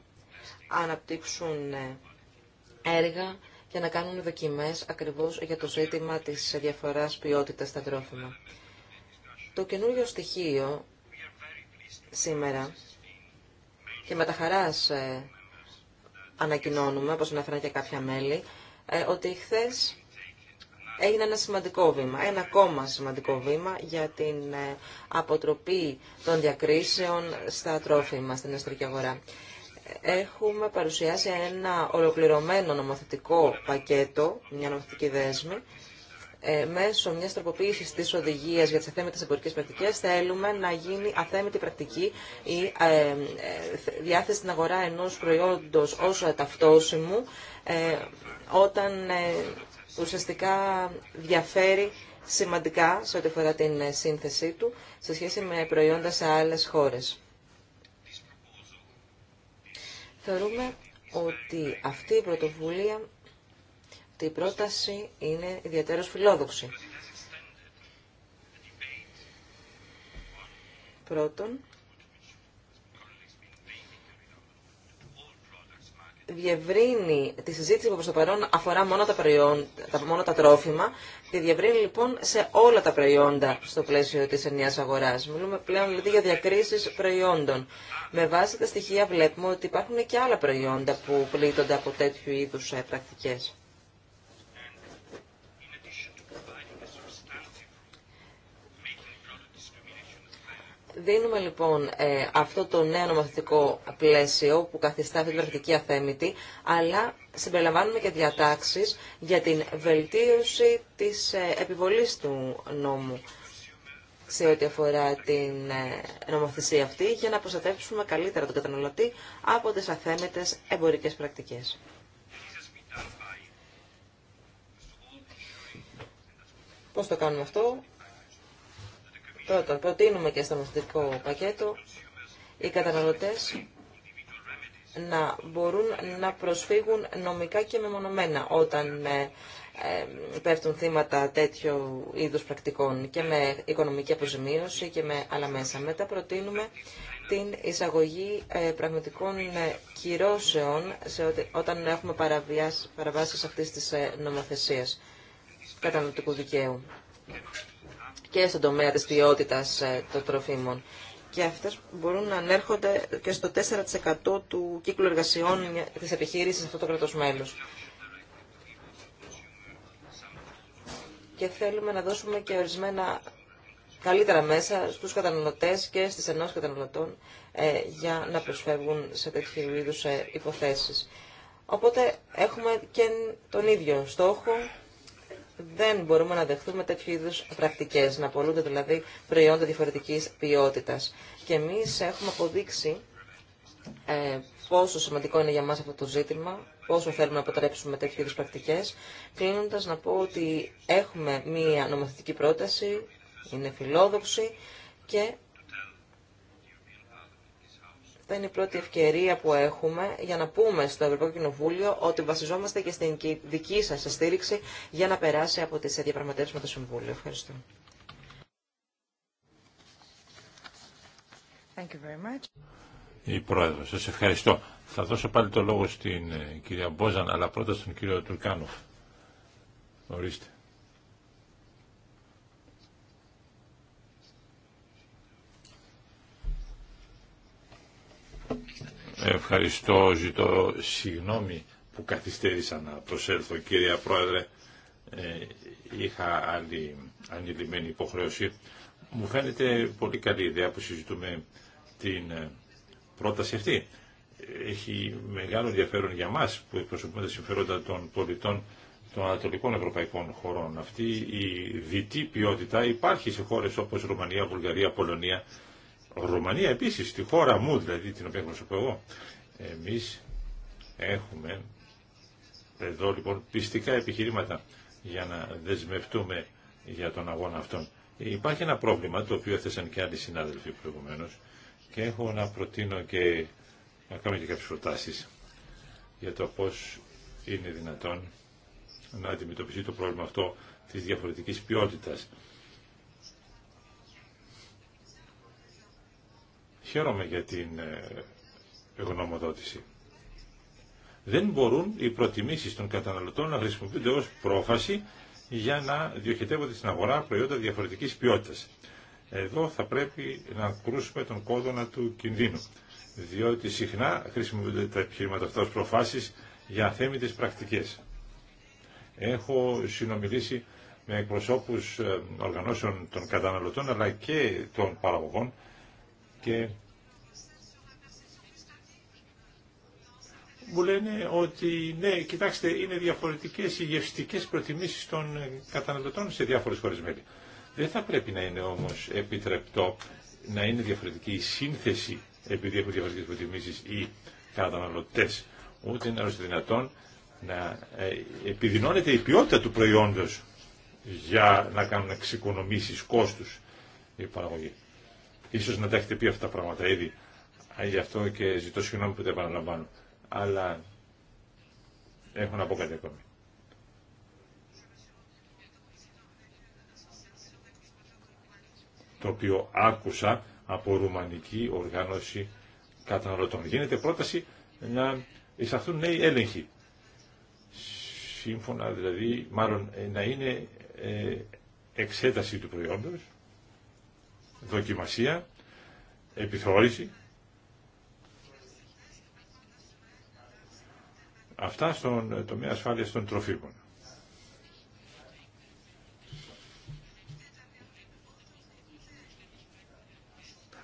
αναπτύξουν ε, έργα και να κάνουν δοκιμές ακριβώς για το ζήτημα της διαφοράς ποιότητας στα τρόφιμα. Το καινούριο στοιχείο σήμερα και με τα χαράς ε, ανακοινώνουμε, όπως αναφέραν και κάποια μέλη, ε, ότι χθε έγινε ένα σημαντικό βήμα, ένα ακόμα σημαντικό βήμα για την ε, αποτροπή των διακρίσεων στα τρόφιμα στην εστρική αγορά. Έχουμε παρουσιάσει ένα ολοκληρωμένο νομοθετικό πακέτο, μια νομοθετική δέσμη, ε, μέσω μια τροποποίηση τη οδηγία για τι αθέμητε εμπορικέ πρακτικέ θέλουμε να γίνει αθέμητη πρακτική η ε, ε, διάθεση στην αγορά ενό προϊόντο ω ταυτόσιμου ε, όταν ουσιαστικά διαφέρει σημαντικά σε ό,τι αφορά την σύνθεσή του σε σχέση με προϊόντα σε άλλες χώρες. Θεωρούμε ότι αυτή η πρωτοβουλία αυτή η πρόταση είναι ιδιαίτερος φιλόδοξη. Πρώτον, διευρύνει τη συζήτηση που προς το παρόν αφορά μόνο τα, προϊόντα, τα, μόνο τα τρόφιμα, τη διευρύνει λοιπόν σε όλα τα προϊόντα στο πλαίσιο της ενιαίας αγοράς. Μιλούμε πλέον δηλαδή για διακρίσεις προϊόντων. Με βάση τα στοιχεία βλέπουμε ότι υπάρχουν και άλλα προϊόντα που πλήττονται από τέτοιου είδους ε, πρακτικές. Δίνουμε λοιπόν ε, αυτό το νέο νομοθετικό πλαίσιο που καθιστά την πρακτική αθέμητη, αλλά συμπεριλαμβάνουμε και διατάξεις για την βελτίωση της ε, επιβολής του νόμου σε ό,τι αφορά την ε, νομοθεσία αυτή, για να προστατεύσουμε καλύτερα τον καταναλωτή από τις αθέμιτες εμπορικές πρακτικές. Πώς το κάνουμε αυτό, Πρώτον, προτείνουμε και στο νομοθετικό πακέτο οι καταναλωτές να μπορούν να προσφύγουν νομικά και μεμονωμένα όταν ε, ε, πέφτουν θύματα τέτοιου είδους πρακτικών και με οικονομική αποζημίωση και με άλλα μέσα. Μετά προτείνουμε την εισαγωγή ε, πραγματικών κυρώσεων σε όταν έχουμε παραβάσεις αυτής της νομοθεσίας καταναλωτικού δικαίου και στον τομέα της ποιότητας ε, των τροφίμων. Και αυτές μπορούν να ανέρχονται και στο 4% του κύκλου εργασιών της επιχείρησης αυτό το κράτος Και θέλουμε να δώσουμε και ορισμένα καλύτερα μέσα στους καταναλωτές και στις ενός καταναλωτών ε, για να προσφεύγουν σε τέτοιου είδους ε, υποθέσεις. Οπότε έχουμε και τον ίδιο στόχο δεν μπορούμε να δεχτούμε τέτοιου είδου πρακτικέ, να πολλούνται δηλαδή προϊόντα διαφορετικής ποιότητας. Και εμείς έχουμε αποδείξει ε, πόσο σημαντικό είναι για μας αυτό το ζήτημα, πόσο θέλουμε να αποτρέψουμε τέτοιου είδου πρακτικές, κλείνοντας να πω ότι έχουμε μία νομοθετική πρόταση, είναι φιλόδοξη και αυτή είναι η πρώτη ευκαιρία που έχουμε για να πούμε στο Ευρωπαϊκό Κοινοβούλιο ότι βασιζόμαστε και στην δική σα στήριξη για να περάσει από τις διαπραγματεύσεις με το Συμβούλιο. Ευχαριστώ. Thank you very much. Η Πρόεδρο. σας ευχαριστώ. Θα δώσω πάλι το λόγο στην ε, κυρία Μπόζαν, αλλά πρώτα στον κύριο Τουρκάνοφ. Ορίστε. Ευχαριστώ, ζητώ συγγνώμη που καθυστέρησα να προσέλθω κυρία Πρόεδρε. Ε, είχα άλλη ανηλυμένη υποχρέωση. Μου φαίνεται πολύ καλή ιδέα που συζητούμε την ε, πρόταση αυτή. Έχει μεγάλο ενδιαφέρον για μας που εκπροσωπούμε τα συμφέροντα των πολιτών των ανατολικών ευρωπαϊκών χωρών. Αυτή η δυτή ποιότητα υπάρχει σε χώρες όπως Ρουμανία, Βουλγαρία, Πολωνία, Ρουμανία επίσης, τη χώρα μου δηλαδή, την οποία πω εγώ, εμείς έχουμε εδώ λοιπόν πιστικά επιχειρήματα για να δεσμευτούμε για τον αγώνα αυτόν. Υπάρχει ένα πρόβλημα το οποίο έθεσαν και άλλοι συνάδελφοι προηγουμένω και έχω να προτείνω και να κάνω και κάποιε προτάσει για το πώ είναι δυνατόν να αντιμετωπιστεί το πρόβλημα αυτό της διαφορετικής ποιότητα Χαίρομαι για την ε, γνωμοδότηση. Δεν μπορούν οι προτιμήσεις των καταναλωτών να χρησιμοποιούνται ως πρόφαση για να διοχετεύονται στην αγορά προϊόντα διαφορετικής ποιότητας. Εδώ θα πρέπει να κρούσουμε τον κόδωνα του κινδύνου, διότι συχνά χρησιμοποιούνται τα επιχειρήματα αυτά ως προφάσεις για αθέμητες πρακτικές. Έχω συνομιλήσει με εκπροσώπους ε, οργανώσεων των καταναλωτών αλλά και των παραγωγών και μου λένε ότι ναι, κοιτάξτε, είναι διαφορετικές οι γευστικές προτιμήσεις των καταναλωτών σε διάφορες χώρες μέλη. Δεν θα πρέπει να είναι όμως επιτρεπτό να είναι διαφορετική η σύνθεση επειδή έχουν διαφορετικές προτιμήσεις οι καταναλωτές. Ούτε είναι άλλωστε δυνατόν να ε, επιδεινώνεται η ποιότητα του προϊόντος για να κάνουν εξοικονομήσεις κόστους η παραγωγή. Ίσως να τα έχετε πει αυτά τα πράγματα ήδη. Γι' αυτό και ζητώ συγγνώμη που τα επαναλαμβάνω. Αλλά έχω να πω κάτι ακόμη. Το οποίο άκουσα από ρουμανική οργάνωση καταναλωτών. Γίνεται πρόταση να εισαχθούν νέοι έλεγχοι. Σύμφωνα δηλαδή, μάλλον ε, να είναι ε, εξέταση του προϊόντος δοκιμασία, επιθεώρηση. Αυτά στον τομέα ασφάλειας των τροφίμων.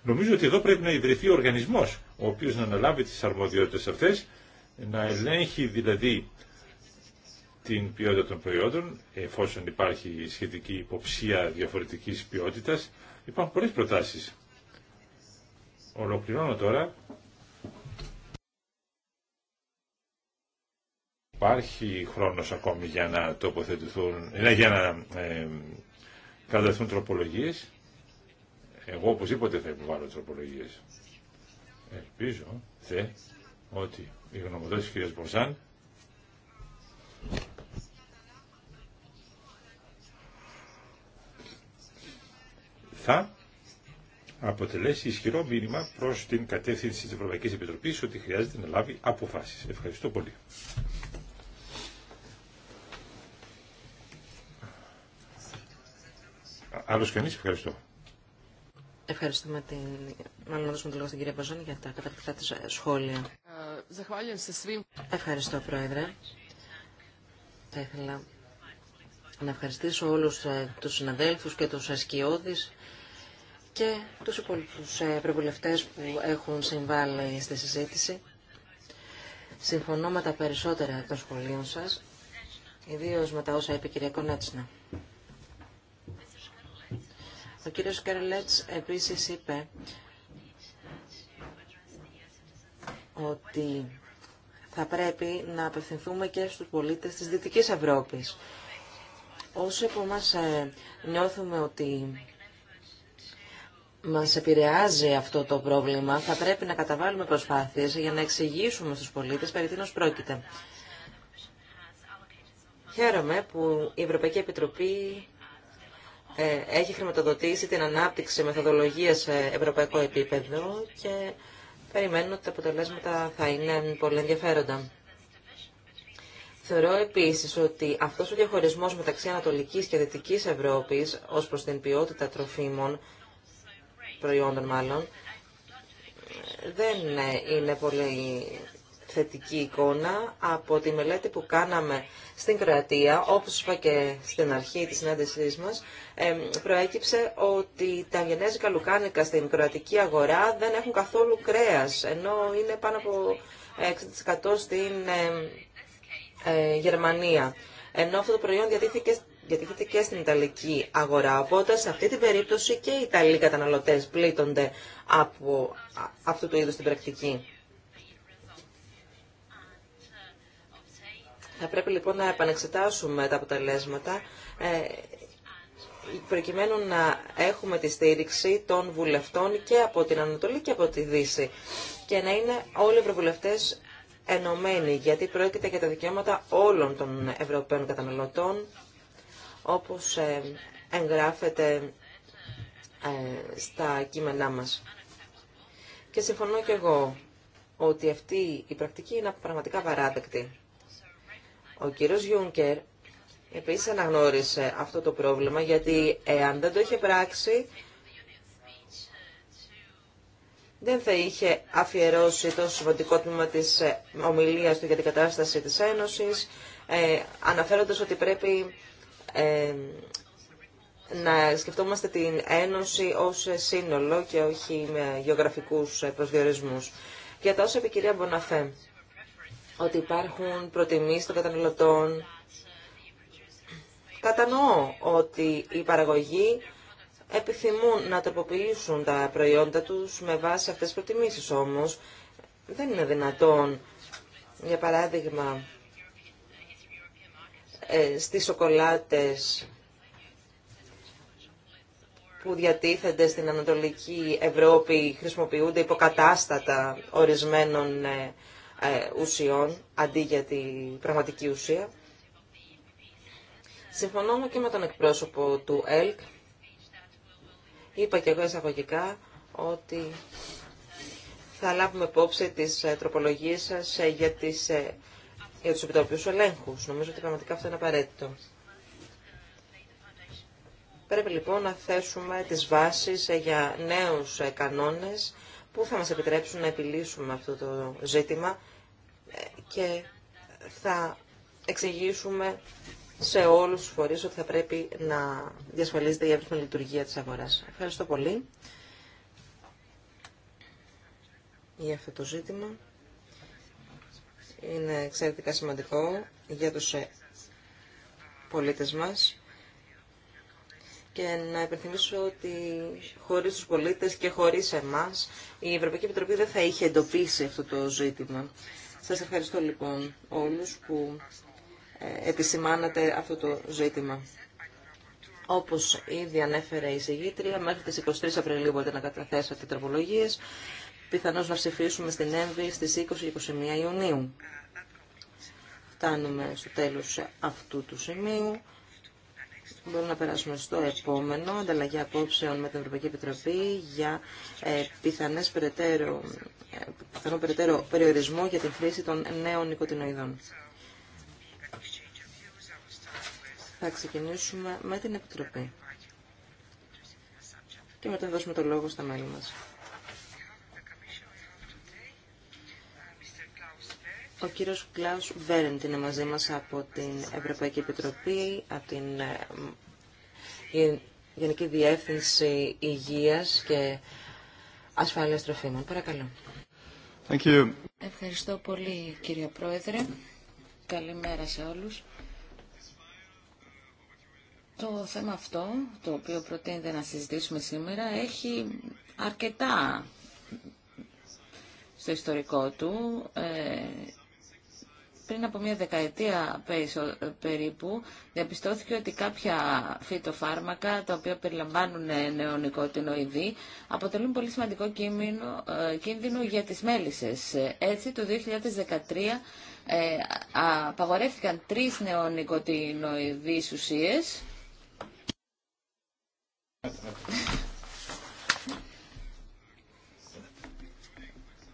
Νομίζω ότι εδώ πρέπει να ιδρυθεί ο οργανισμός, ο οποίος να αναλάβει τις αρμοδιότητες αυτές, να ελέγχει δηλαδή την ποιότητα των προϊόντων, εφόσον υπάρχει σχετική υποψία διαφορετικής ποιότητας, Υπάρχουν πολλές προτάσεις. Ολοκληρώνω τώρα. Υπάρχει χρόνος ακόμη για να τοποθετηθούν, ε, για να ε, καταθούν τροπολογίες. Εγώ οπωσδήποτε θα υποβάλω τροπολογίες. Ελπίζω, θε, ότι η γνωμοδότηση της κυρίας θα αποτελέσει ισχυρό μήνυμα προς την κατεύθυνση της Ευρωπαϊκής Επιτροπής ότι χρειάζεται να λάβει αποφάσεις. Ευχαριστώ πολύ. Άλλος κανείς, ευχαριστώ. Ευχαριστούμε την... Μάλλον να δώσουμε το λόγο στην κυρία Παζόνη για τα καταπληκτικά της σχόλια. Ευχαριστώ, Πρόεδρε. Θα ήθελα να ευχαριστήσω όλους ε, τους συναδέλφους και τους ασκιώδεις και τους υπόλοιπους ε, προβουλευτές που έχουν συμβάλει στη συζήτηση. Συμφωνώ με τα περισσότερα των σχολείων σας, ιδίως με τα όσα είπε η κυρία Κονέτσνα. Ο κύριος Καρλέτς επίσης είπε ότι θα πρέπει να απευθυνθούμε και στους πολίτες της Δυτικής Ευρώπης. Όσοι από εμάς ε, νιώθουμε ότι μας επηρεάζει αυτό το πρόβλημα, θα πρέπει να καταβάλουμε προσπάθειες για να εξηγήσουμε στους πολίτες περί τίνος πρόκειται. Χαίρομαι που η Ευρωπαϊκή Επιτροπή ε, έχει χρηματοδοτήσει την ανάπτυξη μεθοδολογίας σε ευρωπαϊκό επίπεδο και περιμένω ότι τα αποτελέσματα θα είναι πολύ ενδιαφέροντα. Θεωρώ επίσης ότι αυτός ο διαχωρισμός μεταξύ Ανατολικής και Δυτικής Ευρώπης ως προς την ποιότητα τροφίμων προϊόντων μάλλον, δεν είναι πολύ θετική εικόνα από τη μελέτη που κάναμε στην Κροατία, όπως είπα και στην αρχή της συνάντησής μας, ε, προέκυψε ότι τα γενέζικα λουκάνικα στην κροατική αγορά δεν έχουν καθόλου κρέας, ενώ είναι πάνω από 6% στην ε, ε, Γερμανία. Ενώ αυτό το προϊόν διατήθηκε διατίθεται και στην Ιταλική αγορά. Οπότε σε αυτή την περίπτωση και οι Ιταλοί καταναλωτές πλήττονται από αυτού του είδους την πρακτική. Θα πρέπει λοιπόν να επανεξετάσουμε τα αποτελέσματα ε, προκειμένου να έχουμε τη στήριξη των βουλευτών και από την Ανατολή και από τη Δύση και να είναι όλοι οι ευρωβουλευτές ενωμένοι γιατί πρόκειται για τα δικαιώματα όλων των Ευρωπαίων καταναλωτών όπως ε, εγγράφεται ε, στα κείμενά μας. Και συμφωνώ και εγώ ότι αυτή η πρακτική είναι πραγματικά παράδεκτη. Ο κύριος Γιούνκερ επίσης αναγνώρισε αυτό το πρόβλημα γιατί εάν δεν το είχε πράξει δεν θα είχε αφιερώσει το σημαντικό τμήμα της ε, ομιλίας του για την κατάσταση της Ένωσης αναφέροντας ότι πρέπει να σκεφτόμαστε την Ένωση ως σύνολο και όχι με γεωγραφικούς προσδιορισμούς. Για τα όσα είπε η κυρία Μποναφέ, ότι υπάρχουν προτιμήσεις των καταναλωτών. Κατανοώ ότι οι παραγωγοί επιθυμούν να τροποποιήσουν τα προϊόντα τους με βάση αυτές τις προτιμήσεις όμως. Δεν είναι δυνατόν, για παράδειγμα, ε, στις σοκολάτες που διατίθενται στην Ανατολική Ευρώπη χρησιμοποιούνται υποκατάστατα ορισμένων ε, ε, ουσιών αντί για την πραγματική ουσία. Συμφωνώ και με τον εκπρόσωπο του ΕΛΚ. Είπα και εγώ εισαγωγικά ότι θα λάβουμε υπόψη τις τροπολογίες σας για τις για τους επιτόπιους ελέγχους. Νομίζω ότι πραγματικά αυτό είναι απαραίτητο. Πρέπει λοιπόν να θέσουμε τις βάσεις ε, για νέους ε, κανόνες που θα μας επιτρέψουν να επιλύσουμε αυτό το ζήτημα ε, και θα εξηγήσουμε σε όλους τους φορείς ότι θα πρέπει να διασφαλίζεται η εύρυθμη λειτουργία της αγοράς. Ευχαριστώ πολύ για αυτό το ζήτημα είναι εξαιρετικά σημαντικό για τους ε, πολίτες μας και να υπενθυμίσω ότι χωρίς τους πολίτες και χωρίς εμάς η Ευρωπαϊκή Επιτροπή δεν θα είχε εντοπίσει αυτό το ζήτημα. Σας ευχαριστώ λοιπόν όλους που ε, επισημάνατε αυτό το ζήτημα. Όπως ήδη ανέφερε η συγγήτρια, μέχρι τις 23 Απριλίου μπορείτε να καταθέσετε τροπολογίες. Πιθανώς να ψηφίσουμε στην ΕΜΒΗ στις 20-21 Ιουνίου. Φτάνουμε στο τέλος αυτού του σημείου. Μπορούμε να περάσουμε στο επόμενο, ανταλλαγή απόψεων με την Ευρωπαϊκή Επιτροπή για ε, πιθανές περαιτέρω, ε, πιθανό περαιτέρω περιορισμό για την χρήση των νέων νοικοτινοειδών. Θα ξεκινήσουμε με την Επιτροπή και μετά δώσουμε το λόγο στα μέλη μας. Ο κύριος Κλάους Βέρεντ είναι μαζί μας από την Ευρωπαϊκή Επιτροπή, από την ε, ε, Γενική Διεύθυνση Υγείας και Ασφάλειας Τροφίμων. Παρακαλώ. Thank you. Ευχαριστώ πολύ κύριε Πρόεδρε. Καλημέρα σε όλους. Το θέμα αυτό, το οποίο προτείνεται να συζητήσουμε σήμερα, έχει αρκετά στο ιστορικό του. Ε, πριν από μια δεκαετία ε, περίπου διαπιστώθηκε ότι κάποια φυτοφάρμακα τα οποία περιλαμβάνουν ε, νεονικοτινοειδή αποτελούν πολύ σημαντικό κίνδυνο, ε, κίνδυνο για τις μέλισσες. Έτσι το 2013 ε, απαγορεύτηκαν τρεις νεονικοτινοειδείς ουσίες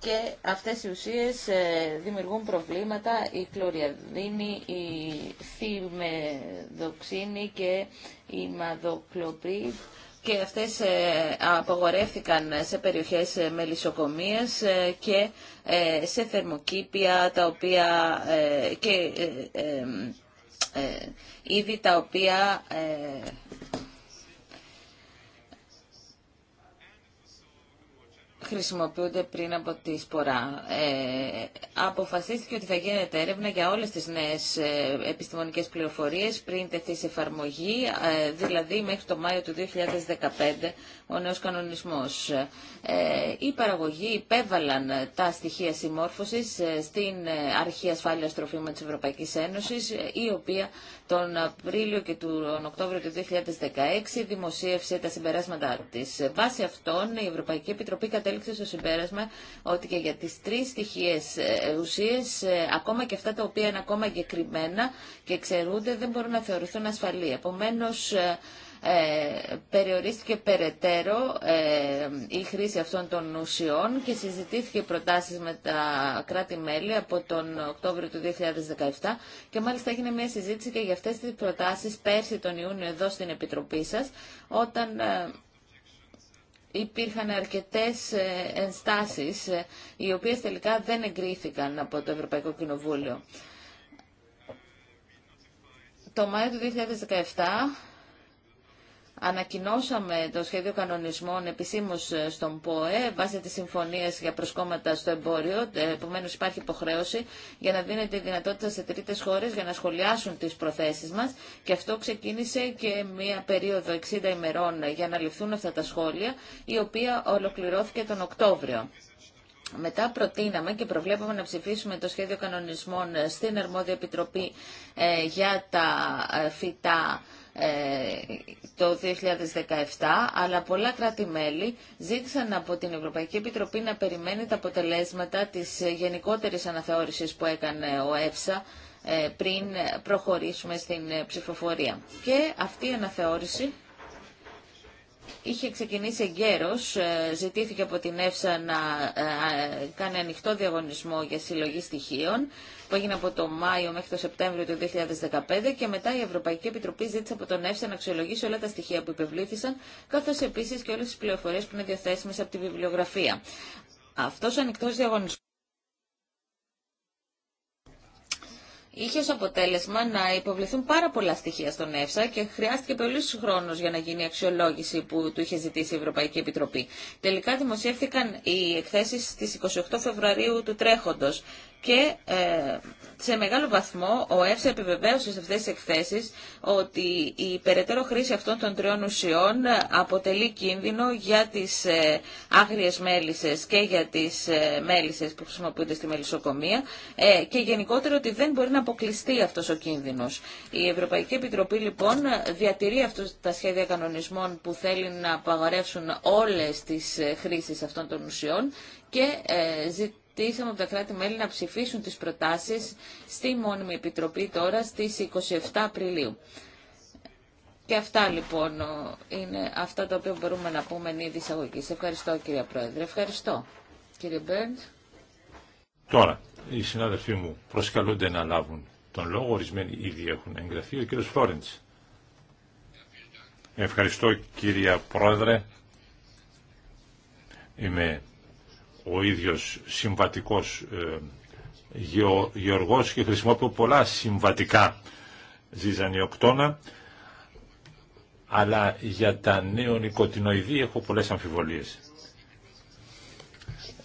και αυτές οι ουσίες ε, δημιουργούν προβλήματα, η κλωριαδίνη, η θυμεδοξίνη και η μαδοκλοπρή. και αυτές ε, απογορεύτηκαν σε περιοχές ε, ε και σε θερμοκήπια τα οποία και είδη τα οποία χρησιμοποιούνται πριν από τη σπορά. Ε, αποφασίστηκε ότι θα γίνεται έρευνα για όλες τις νέες ε, επιστημονικές πληροφορίες πριν τεθεί σε εφαρμογή, ε, δηλαδή μέχρι το Μάιο του 2015 ο νέος κανονισμός. Ε, οι παραγωγοί υπέβαλαν τα στοιχεία συμμόρφωσης ε, στην Αρχή Ασφάλειας Τροφίμων της Ευρωπαϊκής Ένωσης, η οποία τον Απρίλιο και τον Οκτώβριο του 2016 δημοσίευσε τα συμπεράσματά της. Βάσει αυτών, η Ευρωπαϊκή Επιτροπή κατέληξε κατέληξε στο συμπέρασμα ότι και για τις τρεις στοιχείες ε, ουσίες, ε, ακόμα και αυτά τα οποία είναι ακόμα εγκεκριμένα και ξερούνται δεν μπορούν να θεωρηθούν ασφαλή. Επομένως, ε, περιορίστηκε περαιτέρω η χρήση αυτών των ουσιών και συζητήθηκε προτάσεις με τα κράτη-μέλη από τον Οκτώβριο του 2017 και μάλιστα έγινε μια συζήτηση και για αυτές τις προτάσεις πέρσι τον Ιούνιο εδώ στην Επιτροπή σας όταν υπήρχαν αρκετές ε, ενστάσεις ε, οι οποίες τελικά δεν εγκρίθηκαν από το Ευρωπαϊκό Κοινοβούλιο. Το Μάιο του 2017 Ανακοινώσαμε το σχέδιο κανονισμών επισήμω ε, στον ΠΟΕ βάσει τη συμφωνία για προσκόμματα στο εμπόριο. Ε, Επομένω, υπάρχει υποχρέωση για να δίνεται η δυνατότητα σε τρίτε χώρε για να σχολιάσουν τι προθέσει μα. Και αυτό ξεκίνησε και μία περίοδο 60 ημερών για να ληφθούν αυτά τα σχόλια, η οποία ολοκληρώθηκε τον Οκτώβριο. Μετά προτείναμε και προβλέπαμε να ψηφίσουμε το σχέδιο κανονισμών στην Αρμόδια Επιτροπή ε, για τα φυτά ε, το 2017, αλλά πολλά κράτη-μέλη ζήτησαν από την Ευρωπαϊκή Επιτροπή να περιμένει τα αποτελέσματα της γενικότερης αναθεώρησης που έκανε ο ΕΦΣΑ ε, πριν προχωρήσουμε στην ψηφοφορία. Και αυτή η αναθεώρηση είχε ξεκινήσει εγκαίρως, ε, ζητήθηκε από την ΕΦΣΑ να ε, ε, κάνει ανοιχτό διαγωνισμό για συλλογή στοιχείων που έγινε από το Μάιο μέχρι το Σεπτέμβριο του 2015 και μετά η Ευρωπαϊκή Επιτροπή ζήτησε από τον ΕΦΣΑ να αξιολογήσει όλα τα στοιχεία που υπευλήθησαν καθώς επίση και όλες τις πληροφορίες που είναι διαθέσιμε από τη βιβλιογραφία. Αυτό ο ανοιχτός διαγωνισμός είχε ως αποτέλεσμα να υποβληθούν πάρα πολλά στοιχεία στον ΕΦΣΑ και χρειάστηκε πολύ χρόνος για να γίνει η αξιολόγηση που του είχε ζητήσει η Ευρωπαϊκή Επιτροπή. Τελικά δημοσιεύθηκαν οι εκθέσεις στις 28 Φεβρουαρίου του τρέχοντος και ε, σε μεγάλο βαθμό ο ΕΦΣΕ επιβεβαίωσε σε αυτές τις εκθέσεις ότι η περαιτέρω χρήση αυτών των τριών ουσιών αποτελεί κίνδυνο για τις ε, άγριες μέλισσες και για τις ε, μέλισσες που χρησιμοποιούνται στη μελισσοκομεία και γενικότερα ότι δεν μπορεί να αποκλειστεί αυτός ο κίνδυνος. Η Ευρωπαϊκή Επιτροπή λοιπόν διατηρεί αυτούς τα σχέδια κανονισμών που θέλει να απαγορεύσουν όλες τις χρήσεις αυτών των ουσιών και ζητήσαμε από τα κράτη-μέλη να ψηφίσουν τις προτάσεις στη μόνιμη επιτροπή τώρα στις 27 Απριλίου. Και αυτά λοιπόν είναι αυτά τα οποία μπορούμε να πούμε εν είδη εισαγωγή. Ευχαριστώ κύριε Πρόεδρε. Ευχαριστώ κύριε Μπέρντ. Τώρα, οι συνάδελφοί μου προσκαλούνται να λάβουν τον λόγο. Ορισμένοι ήδη έχουν εγγραφεί. Ο κύριος Φλόρεντς. Ευχαριστώ κύριε Πρόεδρε. Είμαι ο ίδιος συμβατικός ε, γεωργός και χρησιμοποιώ πολλά συμβατικά οκτώνα αλλά για τα νέο νοικοτινοειδή έχω πολλές αμφιβολίες.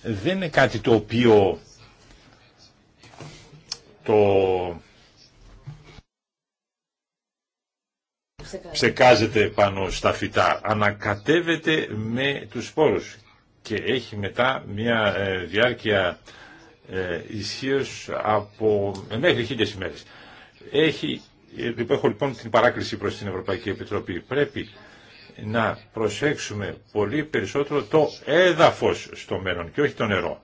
Δεν είναι κάτι το οποίο το ψεκάζεται πάνω στα φυτά, ανακατεύεται με τους σπόρους και έχει μετά μια ε, διάρκεια ε, ισχύω από ε, μέχρι χίλιες ημέρες. Έχει, έχω λοιπόν την παράκληση προς την Ευρωπαϊκή Επιτροπή. Πρέπει να προσέξουμε πολύ περισσότερο το έδαφος στο μέλλον και όχι το νερό.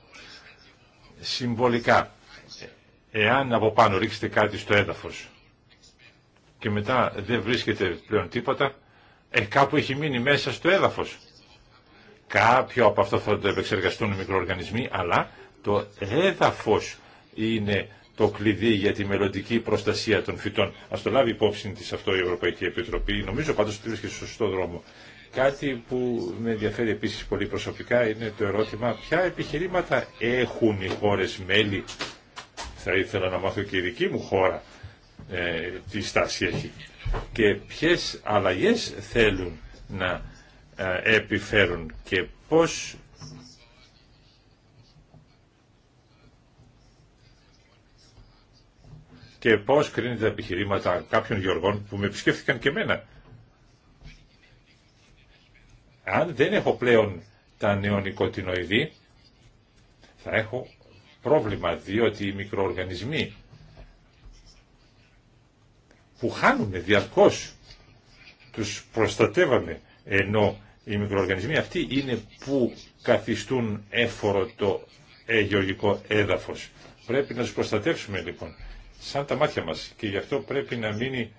Συμβολικά, εάν από πάνω ρίξετε κάτι στο έδαφος και μετά δεν βρίσκεται πλέον τίποτα, ε, κάπου έχει μείνει μέσα στο έδαφος. Κάποιο από αυτό θα το επεξεργαστούν οι μικροοργανισμοί, αλλά το έδαφος είναι το κλειδί για τη μελλοντική προστασία των φυτών. Ας το λάβει υπόψη της αυτό η Ευρωπαϊκή Επιτροπή. Νομίζω πάντως ότι βρίσκεται στο σωστό δρόμο. Κάτι που με ενδιαφέρει επίσης πολύ προσωπικά είναι το ερώτημα ποια επιχειρήματα έχουν οι χώρες μέλη. Θα ήθελα να μάθω και η δική μου χώρα ε, τι στάση έχει. Και ποιες αλλαγές θέλουν να επιφέρουν και πώς και πώς κρίνει τα επιχειρήματα κάποιων γεωργών που με επισκέφθηκαν και εμένα. Αν δεν έχω πλέον τα νεονικοτινοειδή, θα έχω πρόβλημα, διότι οι μικροοργανισμοί που χάνουμε διαρκώς, τους προστατεύαμε ενώ οι μικροοργανισμοί αυτοί είναι που καθιστούν έφορο το ε, γεωργικό έδαφος. Πρέπει να τους προστατεύσουμε λοιπόν, σαν τα μάτια μας και γι' αυτό πρέπει να μείνει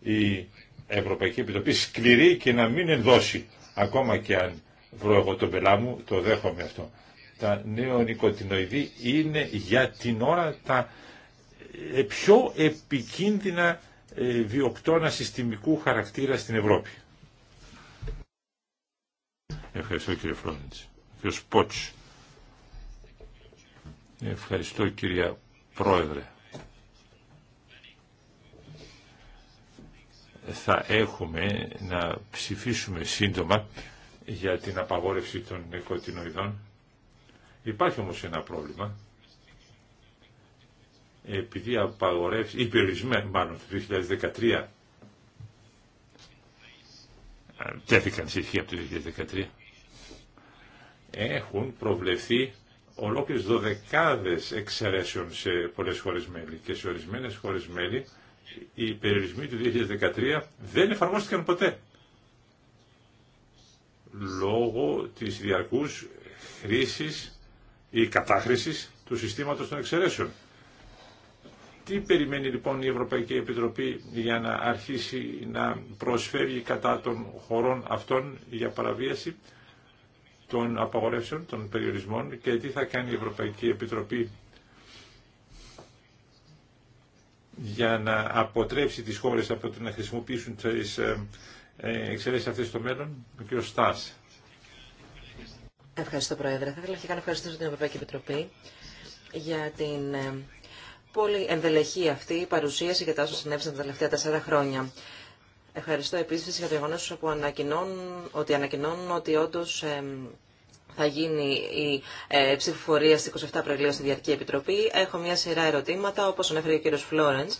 η Ευρωπαϊκή Επιτροπή σκληρή και να μην ενδώσει, ακόμα και αν βρω εγώ τον πελά μου, το δέχομαι αυτό. Τα νεονικοτινοειδή είναι για την ώρα τα ε, πιο επικίνδυνα ε, βιοκτώνα συστημικού χαρακτήρα στην Ευρώπη. Ευχαριστώ κύριε Φλόρεντς. Κύριος Πότς. Ευχαριστώ κύριε Πρόεδρε. Θα έχουμε να ψηφίσουμε σύντομα για την απαγόρευση των νοικοτινοειδών. Υπάρχει όμως ένα πρόβλημα. Επειδή απαγορεύσει, ή μάλλον το 2013, τέθηκαν σε ισχύ από το 2013, έχουν προβλεφθεί ολόκληρες δωδεκάδες εξαιρέσεων σε πολλές χώρες μέλη και σε ορισμένες χώρες μέλη οι περιορισμοί του 2013 δεν εφαρμόστηκαν ποτέ λόγω της διαρκούς χρήσης ή κατάχρησης του συστήματος των εξαιρέσεων. Τι περιμένει λοιπόν η Ευρωπαϊκή Επιτροπή για να αρχίσει να προσφέρει κατά των χωρών αυτών για παραβίαση των απαγορεύσεων, των περιορισμών και τι θα κάνει η Ευρωπαϊκή Επιτροπή για να αποτρέψει τις χώρες από το να χρησιμοποιήσουν τις ε, ε, εξαιρέσεις αυτές στο μέλλον, ο κ. Στάς. Ευχαριστώ, Πρόεδρε. Θα ήθελα και να ευχαριστήσω την Ευρωπαϊκή Επιτροπή για την ε, πολύ ενδελεχή αυτή παρουσίαση για τα όσα συνέβησαν τα τελευταία τέσσερα χρόνια. Ευχαριστώ επίσης για το γεγονό που ανακοινώνουν, ότι ανακοινώνουν ότι όντως θα γίνει η ε, ψηφοφορία στις 27 Απριλίου στη Διαρκή Επιτροπή. Έχω μια σειρά ερωτήματα, όπως ανέφερε ο κύριος Φλόρενς.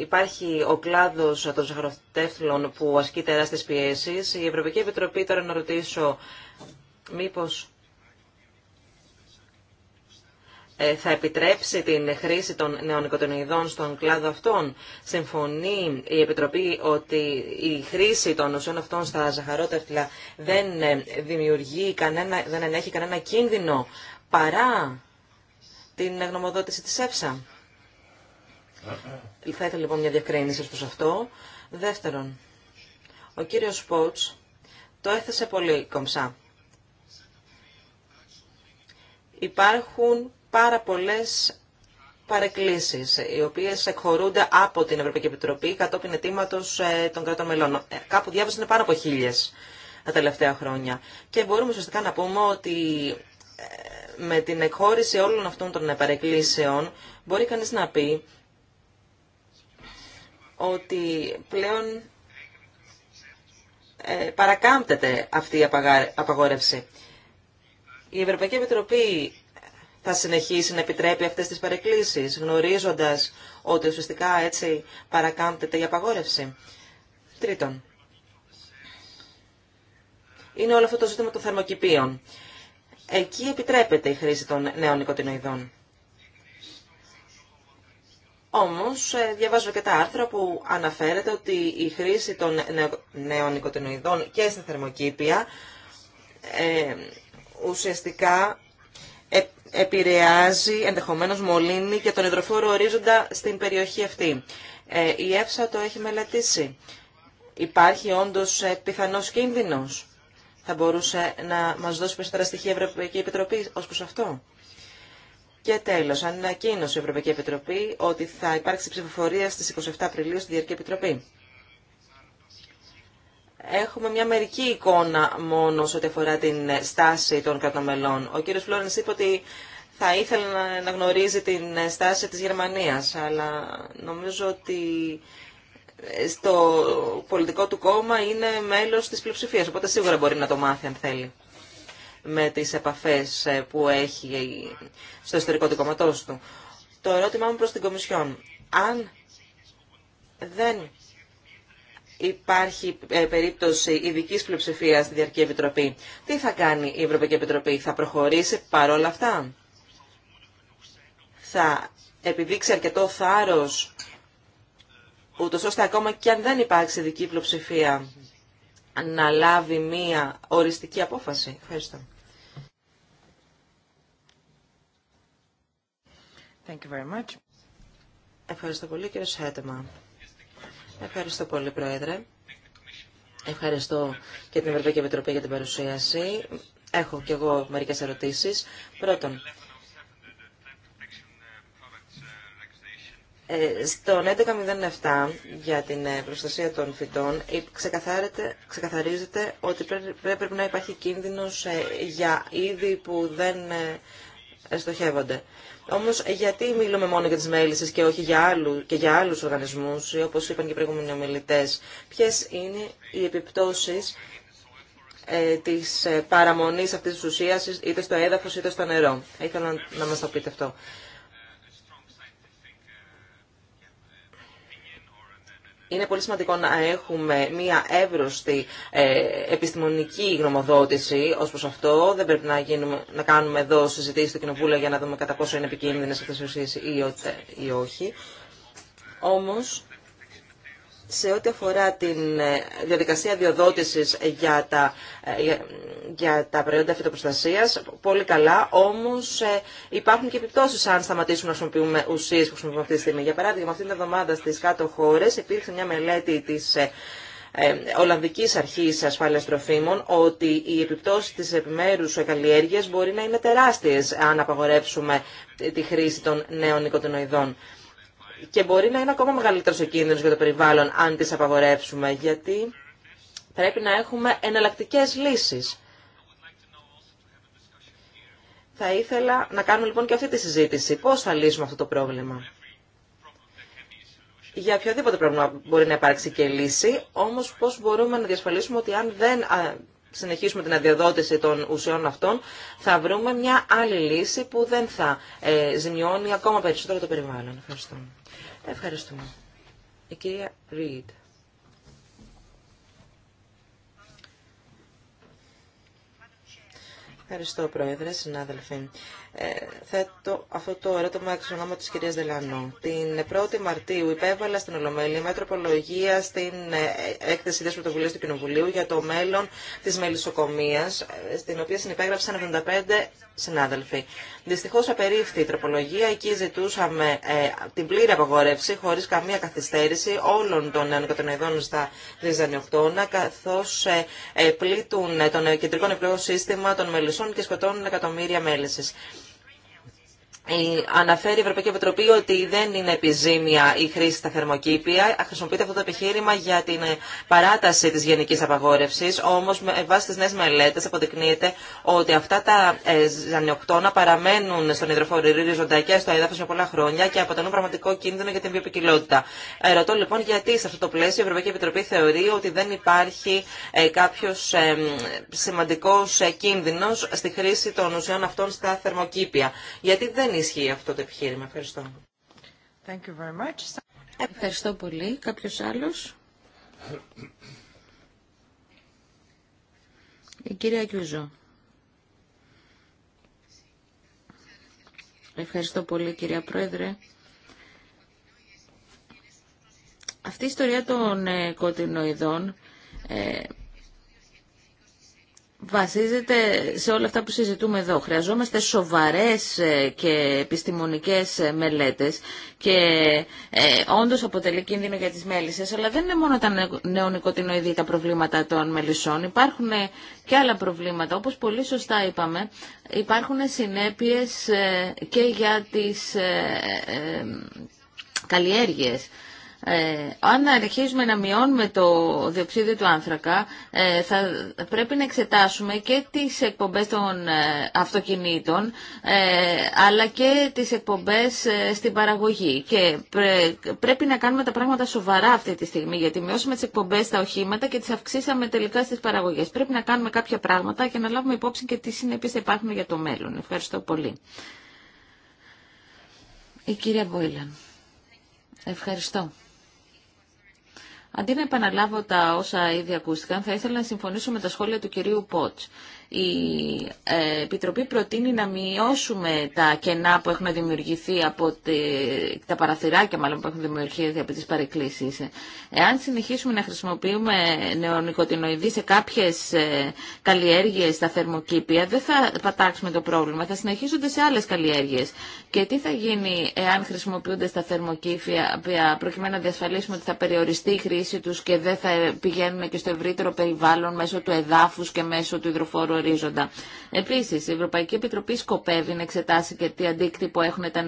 υπάρχει ο κλάδο των ζαχαροτέφλων που ασκεί τεράστιε πιέσει. Η Ευρωπαϊκή Επιτροπή, τώρα να ρωτήσω, μήπω ε, θα επιτρέψει την χρήση των νεονικοτονειδών στον κλάδο αυτών. Συμφωνεί η Επιτροπή ότι η χρήση των ουσιών αυτών στα ζαχαρότευτλα δεν ε, δημιουργεί κανένα, δεν ενέχει κανένα κίνδυνο παρά την γνωμοδότηση της ΕΦΣΑ. Θα ήθελα λοιπόν μια διακρίνηση προς αυτό. Δεύτερον, ο κύριος Πότς το έθεσε πολύ κομψά. Υπάρχουν πάρα πολλές παρεκκλήσεις, οι οποίες εκχωρούνται από την Ευρωπαϊκή Επιτροπή κατόπιν αιτήματος ε, των κρατών μελών. Ε, κάπου διάβασα είναι πάνω από χίλιες τα τελευταία χρόνια. Και μπορούμε ουσιαστικά να πούμε ότι ε, με την εκχώρηση όλων αυτών των παρεκκλήσεων μπορεί κανείς να πει ότι πλέον παρακάμπτεται αυτή η απαγόρευση. Η Ευρωπαϊκή Επιτροπή θα συνεχίσει να επιτρέπει αυτές τις παρεκκλήσεις, γνωρίζοντας ότι ουσιαστικά έτσι παρακάμπτεται η απαγόρευση. Τρίτον, είναι όλο αυτό το ζήτημα των θερμοκηπίων. Εκεί επιτρέπεται η χρήση των νέων οικοτινοειδών. Όμως, ε, διαβάζω και τα άρθρα που αναφέρεται ότι η χρήση των νέων οικοτινοειδών και στα θερμοκήπια ε, ουσιαστικά επηρεάζει, ενδεχομένως μολύνει και τον υδροφόρο ορίζοντα στην περιοχή αυτή. Ε, η ΕΦΣΑ το έχει μελετήσει. Υπάρχει όντως ε, πιθανός κίνδυνος. Θα μπορούσε να μας δώσει περισσότερα στοιχεία η Ευρωπαϊκή Επιτροπή ως προς αυτό. Και τέλος, ανακοίνωσε η Ευρωπαϊκή Επιτροπή ότι θα υπάρξει ψηφοφορία στις 27 Απριλίου στη Διαρκή Επιτροπή έχουμε μια μερική εικόνα μόνο σε ό,τι αφορά την στάση των κρατομελών. Ο κύριος Φλόρενς είπε ότι θα ήθελε να γνωρίζει την στάση της Γερμανίας, αλλά νομίζω ότι ε, στο πολιτικό του κόμμα είναι μέλος της πλειοψηφίας, οπότε σίγουρα μπορεί να το μάθει αν θέλει με τις επαφές ε, που έχει στο ιστορικό του κομματός του. Το ερώτημά μου προς την Κομισιόν. Αν δεν υπάρχει ε, περίπτωση ειδική πλειοψηφία στη Διαρκή Επιτροπή, τι θα κάνει η Ευρωπαϊκή Επιτροπή, θα προχωρήσει παρόλα αυτά. Θα επιδείξει αρκετό θάρρο, ούτω ώστε ακόμα και αν δεν υπάρξει ειδική πλειοψηφία, να λάβει μία οριστική απόφαση. Ευχαριστώ. Thank you very much. Ευχαριστώ πολύ κύριε Σέτεμα. Ευχαριστώ πολύ, Πρόεδρε. Ευχαριστώ και την Ευρωπαϊκή Επιτροπή για την παρουσίαση. Έχω κι εγώ μερικές ερωτήσεις. Πρώτον, ε, στον 1107 για την ε, προστασία των φυτών ξεκαθαρίζεται ότι πρέπει να υπάρχει κίνδυνος ε, για είδη που δεν στοχεύονται. Όμως γιατί μιλούμε μόνο για τις μέλισσε και όχι για άλλου, και για άλλους οργανισμούς, όπως είπαν και οι προηγούμενοι ομιλητέ, ποιε είναι οι επιπτώσεις ε, της ε, παραμονής αυτής της ουσίας, είτε στο έδαφος είτε στο νερό. ήθελα να μας το πείτε αυτό. είναι πολύ σημαντικό να έχουμε μία εύρωστη ε, επιστημονική γνωμοδότηση ως προς αυτό. Δεν πρέπει να, γίνουμε, να κάνουμε εδώ συζητήσεις στο Κοινοβούλιο για να δούμε κατά πόσο είναι επικίνδυνες αυτές οι ουσίες ή, ή όχι. Όμως, σε ό,τι αφορά την ε, διαδικασία διοδότησης για τα, ε, για, τα προϊόντα φυτοπροστασίας, πολύ καλά, όμως ε, υπάρχουν και επιπτώσεις αν σταματήσουμε να χρησιμοποιούμε ουσίες που χρησιμοποιούμε αυτή τη στιγμή. Για παράδειγμα, αυτήν την εβδομάδα στις κάτω χώρες υπήρξε μια μελέτη της ε, Ολλανδικής Αρχής Ασφάλειας Τροφίμων ότι οι επιπτώσει τη επιμέρου καλλιέργεια μπορεί να είναι τεράστιε αν απαγορεύσουμε τη χρήση των νέων οικοτενοειδών και μπορεί να είναι ακόμα μεγαλύτερο ο κίνδυνο για το περιβάλλον αν τις απαγορεύσουμε, γιατί πρέπει να έχουμε εναλλακτικέ λύσεις. Θα ήθελα να κάνουμε λοιπόν και αυτή τη συζήτηση. Πώς θα λύσουμε αυτό το πρόβλημα. Για οποιοδήποτε πρόβλημα μπορεί να υπάρξει και λύση, όμως πώς μπορούμε να διασφαλίσουμε ότι αν δεν συνεχίσουμε την αδειοδότηση των ουσιών αυτών, θα βρούμε μια άλλη λύση που δεν θα ε, ζημιώνει ακόμα περισσότερο το περιβάλλον. Ευχαριστώ. Ευχαριστούμε. Η κυρία Ρίτ. Ευχαριστώ, Πρόεδρε, συνάδελφοι. Ε, θέτω αυτό το ερώτημα εξ ονόματο τη κυρία Δελανό. Την 1η Μαρτίου υπέβαλα στην Ολομέλη μια τροπολογία στην ε, έκθεση τη πρωτοβουλία του Κοινοβουλίου για το μέλλον τη μελισσοκομεία, ε, στην οποία συνυπέγραψαν 75 συνάδελφοι. Δυστυχώ απερίφθη η τροπολογία. Εκεί ζητούσαμε την πλήρη απαγόρευση, χωρί καμία καθυστέρηση, όλων των κατανοητών στα ριζανιοκτώνα, καθώ ε, πλήττουν το κεντρικό νευρικό σύστημα των μελισσών και σκοτώνουν εκατομμύρια μέλισσε. Αναφέρει η Ευρωπαϊκή Επιτροπή ότι δεν είναι επιζήμια η χρήση στα θερμοκήπια. Χρησιμοποιείται αυτό το επιχείρημα για την ε, παράταση τη γενική απαγόρευση, όμω με ε, βάση τι νέες μελέτες, αποδεικνύεται ότι αυτά τα ε, ζανιοκτώνα παραμένουν στον υδροφόρο ριζονταϊκά, στο έδαφο για πολλά χρόνια και αποτελούν πραγματικό κίνδυνο για την βιοπικιλότητα. Ερωτώ λοιπόν γιατί σε αυτό το πλαίσιο η Ευρωπαϊκή Επιτροπή θεωρεί ότι δεν υπάρχει κάποιος σημαντικός κίνδυνο στη χρήση των ουσιών αυτών στα θερμοκήπια. Γιατί δεν ισχύει αυτό το επιχείρημα. Ευχαριστώ. Thank you very much. Ευχαριστώ πολύ. κάποιο άλλο. Η κυρία Κιούζο. Ευχαριστώ πολύ κυρία Πρόεδρε. Αυτή η ιστορία των ε, ε, βασίζεται σε όλα αυτά που συζητούμε εδώ. Χρειαζόμαστε σοβαρές ε, και επιστημονικές ε, μελέτες και ε, όντως αποτελεί κίνδυνο για τις μέλισσες, αλλά δεν είναι μόνο τα νεονικοτινοειδή τα προβλήματα των μελισσών. Υπάρχουν ε, και άλλα προβλήματα. Όπως πολύ σωστά είπαμε, υπάρχουν συνέπειες και για τις ε, καλλιέργειες. Ε, αν αρχίζουμε να μειώνουμε το διοξίδιο του άνθρακα, ε, θα πρέπει να εξετάσουμε και τις εκπομπές των ε, αυτοκινήτων, ε, αλλά και τις εκπομπές ε, στην παραγωγή. Και πρέπει να κάνουμε τα πράγματα σοβαρά αυτή τη στιγμή, γιατί μειώσαμε τις εκπομπές στα οχήματα και τις αυξήσαμε τελικά στις παραγωγές. Πρέπει να κάνουμε κάποια πράγματα και να λάβουμε υπόψη και τι συνέπειες θα υπάρχουν για το μέλλον. Ευχαριστώ πολύ. Η κυρία Μπόιλαν. Ευχαριστώ. Αντί να επαναλάβω τα όσα ήδη ακούστηκαν, θα ήθελα να συμφωνήσω με τα σχόλια του κυρίου Πότς. Η ε, Επιτροπή προτείνει να μειώσουμε τα κενά που έχουν δημιουργηθεί από τα παραθυράκια μάλλον που έχουν δημιουργηθεί από τις παρεκκλήσεις. Εάν συνεχίσουμε να χρησιμοποιούμε νεονικοτινοειδή σε κάποιες ε, καλλιέργειες στα θερμοκήπια, δεν θα πατάξουμε το πρόβλημα, θα συνεχίσουν σε άλλες καλλιέργειες. Και τι θα γίνει εάν χρησιμοποιούνται στα θερμοκήπια προκειμένου να διασφαλίσουμε ότι θα περιοριστεί η χρήση τους και δεν θα πηγαίνουν και στο ευρύτερο περιβάλλον μέσω του εδάφους και μέσω του υδροφόρου ορίζοντα. Επίσης, η Ευρωπαϊκή Επιτροπή σκοπεύει να εξετάσει και τι αντίκτυπο έχουν τα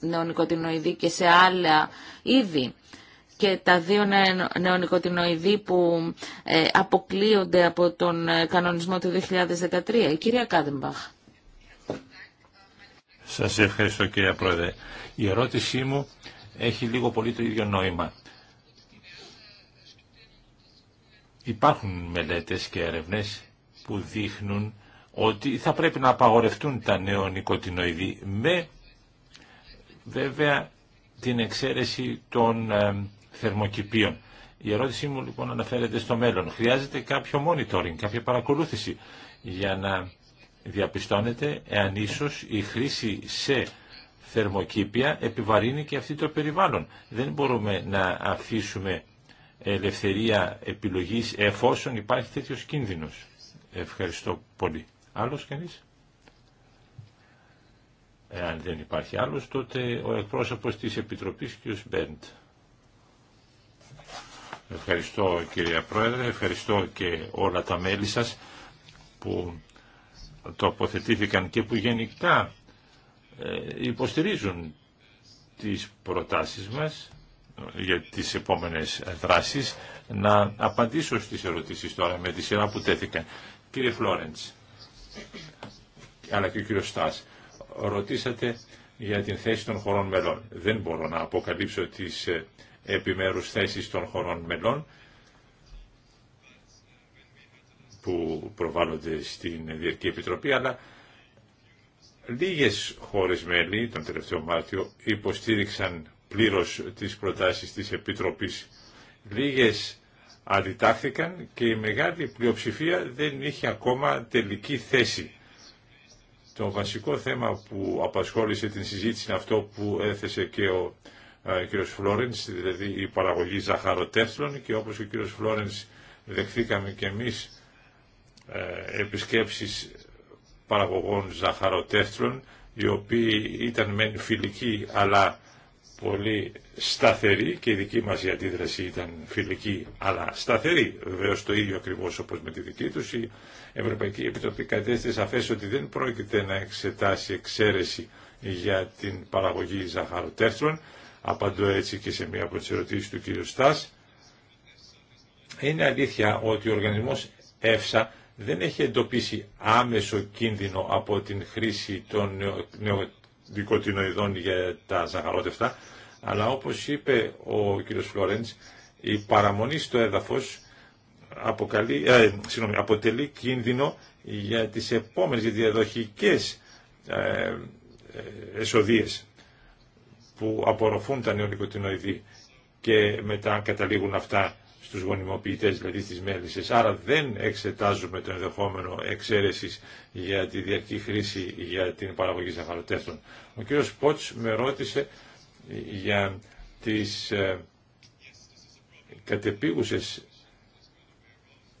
νεονικοτινοειδή και σε άλλα είδη και τα δύο νεονικοτινοειδή που ε, αποκλείονται από τον ε, κανονισμό του 2013. Η κυρία Κάδεμπαχ. Σας ευχαριστώ κυρία Πρόεδρε. Η ερώτησή μου έχει λίγο πολύ το ίδιο νόημα. Υπάρχουν μελέτες και έρευνες που δείχνουν ότι θα πρέπει να απαγορευτούν τα νεονικοτινοειδή με βέβαια την εξαίρεση των ε, θερμοκηπίων. Η ερώτησή μου λοιπόν αναφέρεται στο μέλλον. Χρειάζεται κάποιο monitoring, κάποια παρακολούθηση για να διαπιστώνεται εάν ίσως η χρήση σε θερμοκήπια επιβαρύνει και αυτή το περιβάλλον. Δεν μπορούμε να αφήσουμε ελευθερία επιλογής εφόσον υπάρχει τέτοιος κίνδυνος. Ευχαριστώ πολύ. Άλλος κανείς? Εάν δεν υπάρχει άλλος, τότε ο εκπρόσωπος της Επιτροπής, κ. Μπέντ. Ευχαριστώ κυρία Πρόεδρε, ευχαριστώ και όλα τα μέλη σας που τοποθετήθηκαν και που γενικά ε, υποστηρίζουν τις προτάσεις μας ε, για τις επόμενες δράσεις να απαντήσω στις ερωτήσεις τώρα με τη σειρά που τέθηκαν. Κύριε Φλόρεντς, αλλά και ο κύριο Στάς, ρωτήσατε για την θέση των χωρών μελών. Δεν μπορώ να αποκαλύψω τις ε, επιμέρους θέσεις των χωρών μελών που προβάλλονται στην Διερκή Επιτροπή, αλλά λίγες χώρες μέλη τον τελευταίο Μάρτιο υποστήριξαν πλήρως τις προτάσεις της Επιτροπής. Λίγες αντιτάχθηκαν και η μεγάλη πλειοψηφία δεν είχε ακόμα τελική θέση. Το βασικό θέμα που απασχόλησε την συζήτηση είναι αυτό που έθεσε και ο ε, κ. Φλόρενς, δηλαδή η παραγωγή ζαχαροτέφλων και όπως ο κ. Φλόρενς δεχθήκαμε και εμείς ε, επισκέψεις παραγωγών ζαχαροτέφλων οι οποίοι ήταν μεν φιλικοί αλλά πολύ σταθερή και η δική μας η αντίδραση ήταν φιλική αλλά σταθερή. Βεβαίω το ίδιο ακριβώς όπως με τη δική τους η Ευρωπαϊκή Επιτροπή κατέστησε σαφές ότι δεν πρόκειται να εξετάσει εξαίρεση για την παραγωγή ζαχαροτέρθρων Απαντώ έτσι και σε μία από τις ερωτήσεις του κ. Στάς. Είναι αλήθεια ότι ο οργανισμός ΕΦΣΑ δεν έχει εντοπίσει άμεσο κίνδυνο από την χρήση των δικοτινοειδών για τα ζαχαρότευτα, αλλά όπως είπε ο κ. Φλόρεντς, η παραμονή στο έδαφος αποκαλεί, ε, αποτελεί κίνδυνο για τις επόμενες διαδοχικές ε, ε, εσοδίες που απορροφούν τα νεοδικοτινοειδή και μετά καταλήγουν αυτά στους γονιμοποιητές, δηλαδή στις μέλισσες. Άρα δεν εξετάζουμε το ενδεχόμενο εξαίρεσης για τη διαρκή χρήση για την παραγωγή ζαχαροτέφτων. Ο κ. Πότς με ρώτησε για τις ε, κατεπίγουσες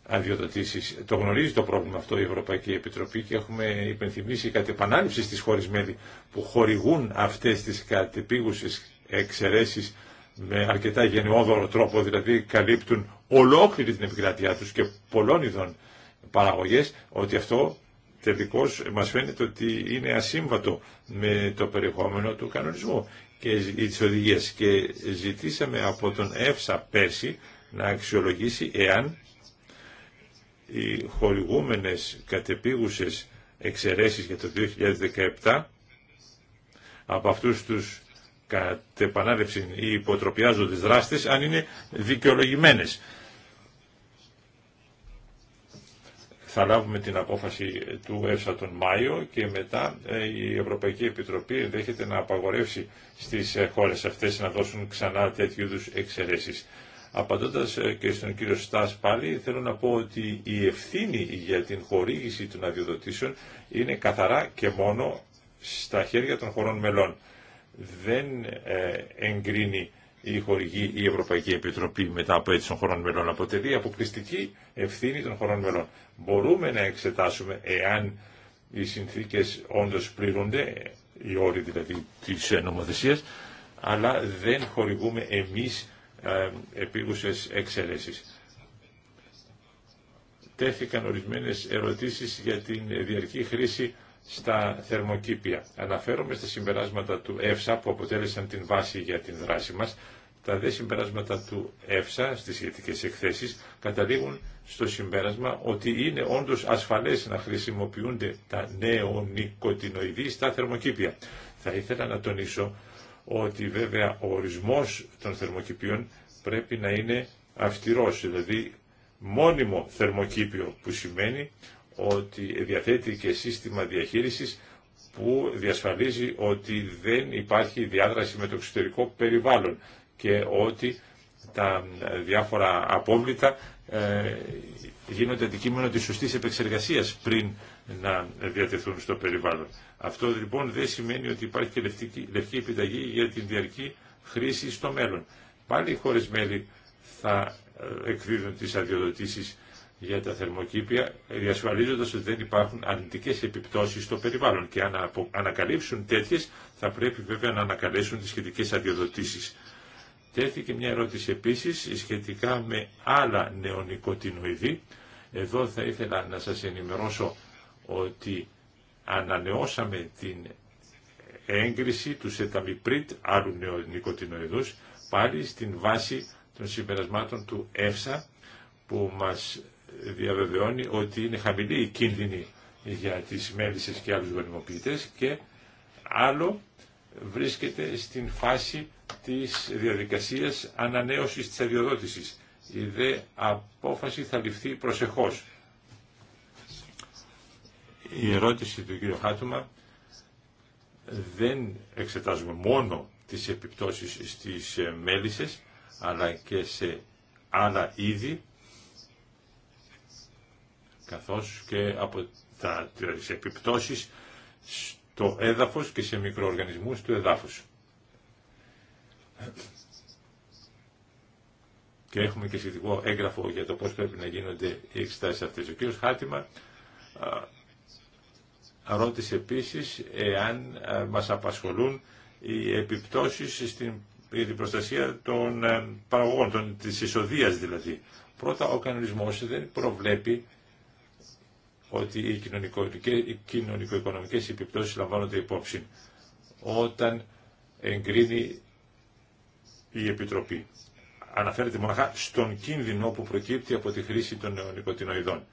αδειοδοτήσεις. Το γνωρίζει το πρόβλημα αυτό η Ευρωπαϊκή Επιτροπή και έχουμε υπενθυμίσει κατ' επανάληψη στις χώρες μέλη που χορηγούν αυτές τις κατεπίγουσες εξαιρέσεις με αρκετά γενναιόδωρο τρόπο, δηλαδή καλύπτουν ολόκληρη την επικράτειά τους και πολλών ειδών παραγωγές, ότι αυτό τελικώς μας φαίνεται ότι είναι ασύμβατο με το περιεχόμενο του κανονισμού και της οδηγίας. Και ζητήσαμε από τον ΕΦΣΑ πέρσι να αξιολογήσει εάν οι χορηγούμενες κατεπίγουσες εξαιρέσεις για το 2017 από αυτούς τους κατ' επανάληψη ή τις δράστες αν είναι δικαιολογημένες. Θα λάβουμε την απόφαση του ΕΦΣΑ τον Μάιο και μετά ε, η Ευρωπαϊκή Επιτροπή ενδέχεται να απαγορεύσει στις ε, χώρες αυτές να δώσουν ξανά τέτοιου είδους εξαιρέσεις. Απαντώντας ε, και στον κύριο Στάς πάλι, θέλω να πω ότι η ευθύνη για την χορήγηση των αδειοδοτήσεων είναι καθαρά και μόνο στα χέρια των χωρών μελών δεν ε, εγκρίνει η χορηγή η Ευρωπαϊκή Επιτροπή μετά από έτσι των χωρών μελών. Αποτελεί αποκλειστική ευθύνη των χωρών μελών. Μπορούμε να εξετάσουμε εάν οι συνθήκες όντως πληρούνται, οι όροι δηλαδή της ε, νομοθεσίας, αλλά δεν χορηγούμε εμείς ε, επίγουσες εξαιρέσεις. Τέθηκαν ορισμένες ερωτήσεις για την διαρκή χρήση στα θερμοκήπια. Αναφέρομαι στα συμπεράσματα του ΕΦΣΑ που αποτέλεσαν την βάση για την δράση μας. Τα δε συμπεράσματα του ΕΦΣΑ στις σχετικές εκθέσεις καταλήγουν στο συμπέρασμα ότι είναι όντως ασφαλές να χρησιμοποιούνται τα νεονικοτινοειδή στα θερμοκήπια. Θα ήθελα να τονίσω ότι βέβαια ο ορισμός των θερμοκηπίων πρέπει να είναι αυστηρός, δηλαδή μόνιμο θερμοκήπιο που σημαίνει ότι διαθέτει και σύστημα διαχείρισης που διασφαλίζει ότι δεν υπάρχει διάδραση με το εξωτερικό περιβάλλον και ότι τα διάφορα απόβλητα ε, γίνονται αντικείμενο της σωστής επεξεργασίας πριν να διατεθούν στο περιβάλλον. Αυτό λοιπόν δεν σημαίνει ότι υπάρχει και λευκή επιταγή για την διαρκή χρήση στο μέλλον. Πάλι οι χώρες μέλη θα ε, εκδίδουν τις αδειοδοτήσεις για τα θερμοκήπια, διασφαλίζοντας ότι δεν υπάρχουν αρνητικές επιπτώσεις στο περιβάλλον. Και αν ανακαλύψουν τέτοιες, θα πρέπει βέβαια να ανακαλέσουν τις σχετικές αδειοδοτήσεις. Τέθηκε μια ερώτηση επίσης σχετικά με άλλα νεονικοτινοειδή. Εδώ θα ήθελα να σας ενημερώσω ότι ανανεώσαμε την έγκριση του σεταμιπρίτ άλλου νεονικοτινοειδούς πάλι στην βάση των συμπερασμάτων του ΕΦΣΑ που μας διαβεβαιώνει ότι είναι χαμηλή η κίνδυνη για τις μέλισσες και άλλους γονιμοποιητές και άλλο βρίσκεται στην φάση της διαδικασίας ανανέωσης της αδειοδότησης. Η δε απόφαση θα ληφθεί προσεχώς. Η ερώτηση του κ. Χάτουμα δεν εξετάζουμε μόνο τις επιπτώσεις στις μέλισσες αλλά και σε άλλα είδη καθώς και από τα επιπτώσεις στο έδαφος και σε μικροοργανισμούς του εδάφους. Και έχουμε και σχετικό έγγραφο για το πώς πρέπει να γίνονται οι εξετάσεις αυτές. Ο κ. Χάτιμα ρώτησε επίσης εάν μας απασχολούν οι επιπτώσεις στην για την προστασία των ε, παραγωγών, της εισοδίας δηλαδή. Πρώτα, ο κανονισμός δεν προβλέπει ότι οι κοινωνικο-οικονομικές επιπτώσεις λαμβάνονται υπόψη όταν εγκρίνει η Επιτροπή. Αναφέρεται μοναχά στον κίνδυνο που προκύπτει από τη χρήση των νεονικοτινοειδών.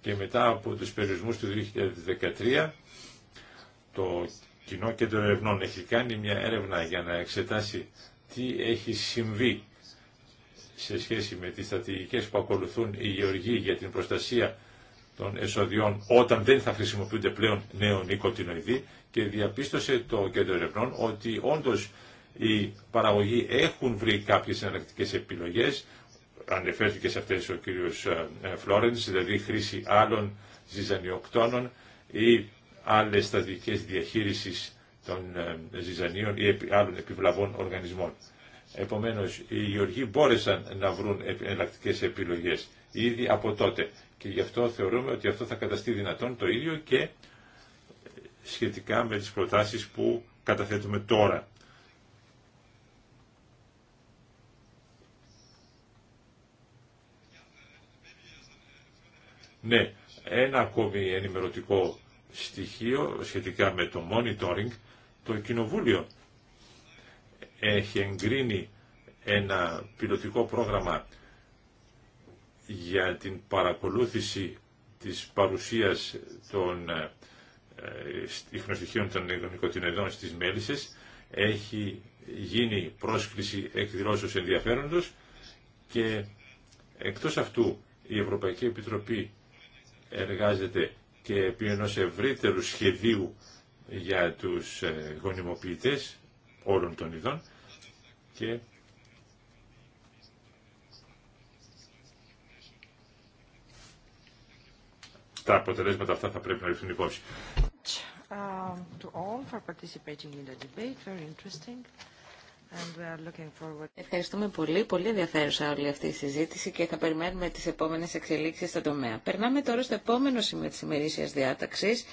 Και μετά από τους περιορισμούς του 2013, το Κοινό Κέντρο Ερευνών έχει κάνει μια έρευνα για να εξετάσει τι έχει συμβεί σε σχέση με τις στρατηγικές που ακολουθούν οι γεωργοί για την προστασία των εσοδιών όταν δεν θα χρησιμοποιούνται πλέον νέο νοικοτινοειδή και διαπίστωσε το κέντρο ερευνών ότι όντως οι παραγωγοί έχουν βρει κάποιες εναλλακτικές επιλογές, ανεφέρθηκε σε αυτές ο κύριος ε, ε, Φλόρενς, δηλαδή χρήση άλλων ζυζανιοκτώνων ή άλλες σταδικές διαχείρισης των ε, ζυζανίων ή άλλων επιβλαβών οργανισμών. Επομένως, οι γεωργοί μπόρεσαν να βρουν εναλλακτικές επιλογές ήδη από τότε. Και γι' αυτό θεωρούμε ότι αυτό θα καταστεί δυνατόν το ίδιο και σχετικά με τις προτάσεις που καταθέτουμε τώρα. Ναι, ένα ακόμη ενημερωτικό στοιχείο σχετικά με το monitoring, το Κοινοβούλιο έχει εγκρίνει ένα πιλωτικό πρόγραμμα για την παρακολούθηση της παρουσίας των ηχνοστοιχείων ε, ε, των νοικοτινοειδών στις μέλισσες έχει γίνει πρόσκληση εκδηλώσεως ενδιαφέροντος και εκτός αυτού η Ευρωπαϊκή Επιτροπή εργάζεται και επί ενός ευρύτερου σχεδίου για τους ε, γονιμοποιητές όλων των ειδών και τα αποτελέσματα αυτά θα πρέπει να ληφθούν υπόψη. Ευχαριστούμε πολύ. Πολύ ενδιαφέρουσα όλη αυτή η συζήτηση και θα περιμένουμε τις επόμενες εξελίξεις στον τομέα. Περνάμε τώρα στο επόμενο σημείο της ημερήσιας διάταξης,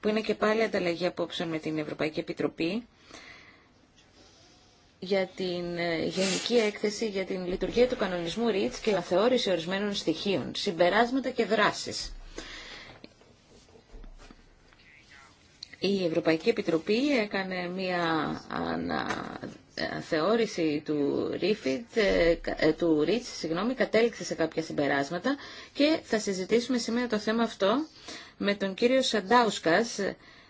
που είναι και πάλι ανταλλαγή απόψεων με την Ευρωπαϊκή Επιτροπή για την ε, Γενική Έκθεση για την Λειτουργία του Κανονισμού ΡΙΤΣ και Αθεώρηση Ορισμένων Στοιχείων, Συμπεράσματα και Δράσεις. Η Ευρωπαϊκή Επιτροπή έκανε μία αναθεώρηση του, Ρίφιτ ε, ε, του REACH, συγγνώμη, κατέληξε σε κάποια συμπεράσματα και θα συζητήσουμε σήμερα το θέμα αυτό με τον κύριο Σαντάουσκας,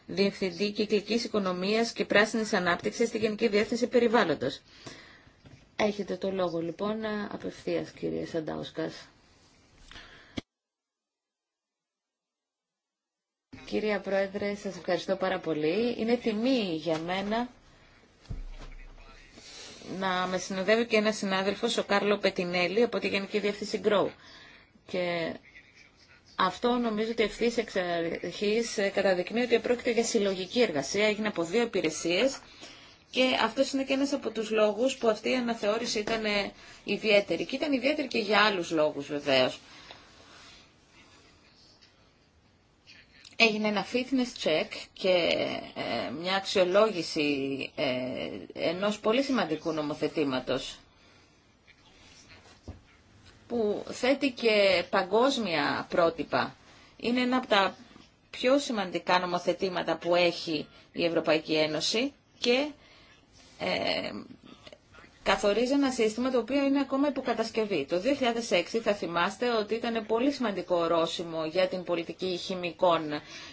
Διευθυντή Κυκλικής Οικονομίας και Πράσινης Ανάπτυξης στη Γενική Διεύθυνση Περιβάλλοντος. Έχετε το λόγο λοιπόν απευθείας κύριε Σαντάουσκας. Κυρία Πρόεδρε, σας ευχαριστώ πάρα πολύ. Είναι τιμή για μένα να με συνοδεύει και ένας συνάδελφος, ο Κάρλο Πετινέλη, από τη Γενική Διεύθυνση Grow. Και αυτό νομίζω ότι ευθύ εξ αρχή καταδεικνύει ότι πρόκειται για συλλογική εργασία, έγινε από δύο υπηρεσίε. Και αυτό είναι και ένα από του λόγου που αυτή η αναθεώρηση ήταν ιδιαίτερη. Και ήταν ιδιαίτερη και για άλλου λόγου βεβαίω. Έγινε ένα fitness check και ε, μια αξιολόγηση ε, ενός πολύ σημαντικού νομοθετήματος που θέτει και παγκόσμια πρότυπα. Είναι ένα από τα πιο σημαντικά νομοθετήματα που έχει η Ευρωπαϊκή Ένωση και ε, καθορίζει ένα σύστημα το οποίο είναι ακόμα υποκατασκευή. Το 2006 θα θυμάστε ότι ήταν πολύ σημαντικό ορόσημο για την πολιτική χημικών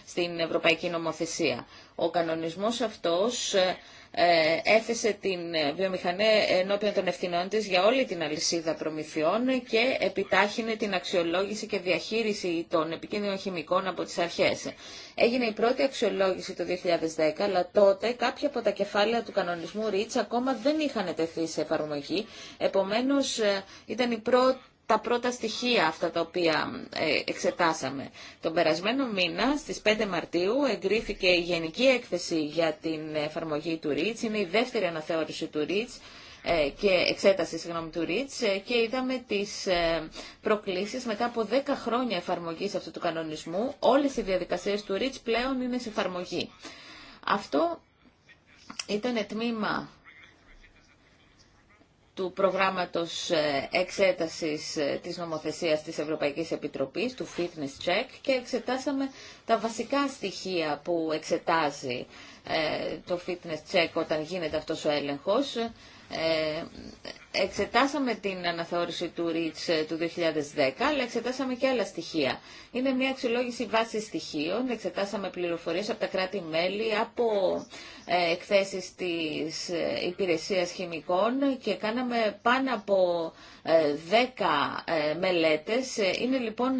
στην Ευρωπαϊκή Νομοθεσία. Ο κανονισμός αυτός ε, ε, έθεσε την βιομηχανία ενώπιον των ευθυνών της για όλη την αλυσίδα προμηθειών και επιτάχυνε την αξιολόγηση και διαχείριση των επικίνδυνων χημικών από τις αρχές. Έγινε η πρώτη αξιολόγηση το 2010, αλλά τότε κάποια από τα κεφάλαια του κανονισμού REACH ακόμα δεν είχαν τεθεί σε εφαρμογή. Επομένως, ε, ήταν η πρώτη τα πρώτα στοιχεία αυτά τα οποία ε, εξετάσαμε. Τον περασμένο μήνα, στις 5 Μαρτίου, εγκρίθηκε η Γενική Έκθεση για την εφαρμογή του ΡΙΤΣ. Είναι η δεύτερη αναθεώρηση του ΡΙΤΣ ε, και εξέταση συγγνώμη, του ΡΙΤΣ ε, και είδαμε τις προκλήσεις μετά από 10 χρόνια εφαρμογής αυτού του κανονισμού. Όλες οι διαδικασίες του ΡΙΤΣ πλέον είναι σε εφαρμογή. Αυτό ήταν τμήμα του προγράμματος ε, εξέτασης ε, της νομοθεσίας της Ευρωπαϊκής Επιτροπής, του Fitness Check, και εξετάσαμε τα βασικά στοιχεία που εξετάζει ε, το Fitness Check όταν γίνεται αυτός ο έλεγχος ε, εξετάσαμε την αναθεώρηση του REACH ε, του 2010, αλλά εξετάσαμε και άλλα στοιχεία. Είναι μια αξιολόγηση βάσης στοιχείων, εξετάσαμε πληροφορίες από τα κράτη-μέλη, από ε, εκθέσεις της ε, υπηρεσίας χημικών και κάναμε πάνω από 10 ε, μελέτες. Είναι λοιπόν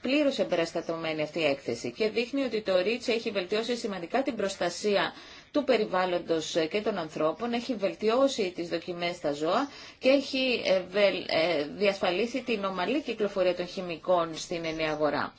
πλήρως εμπεραστατωμένη αυτή η έκθεση και δείχνει ότι το REACH έχει βελτιώσει σημαντικά την προστασία του περιβάλλοντος ε, και των ανθρώπων, έχει βελτιώσει τις δοκιμές στα ζώα και έχει ε, ε, διασφαλίσει την ομαλή κυκλοφορία των χημικών στην ενιαία αγορά.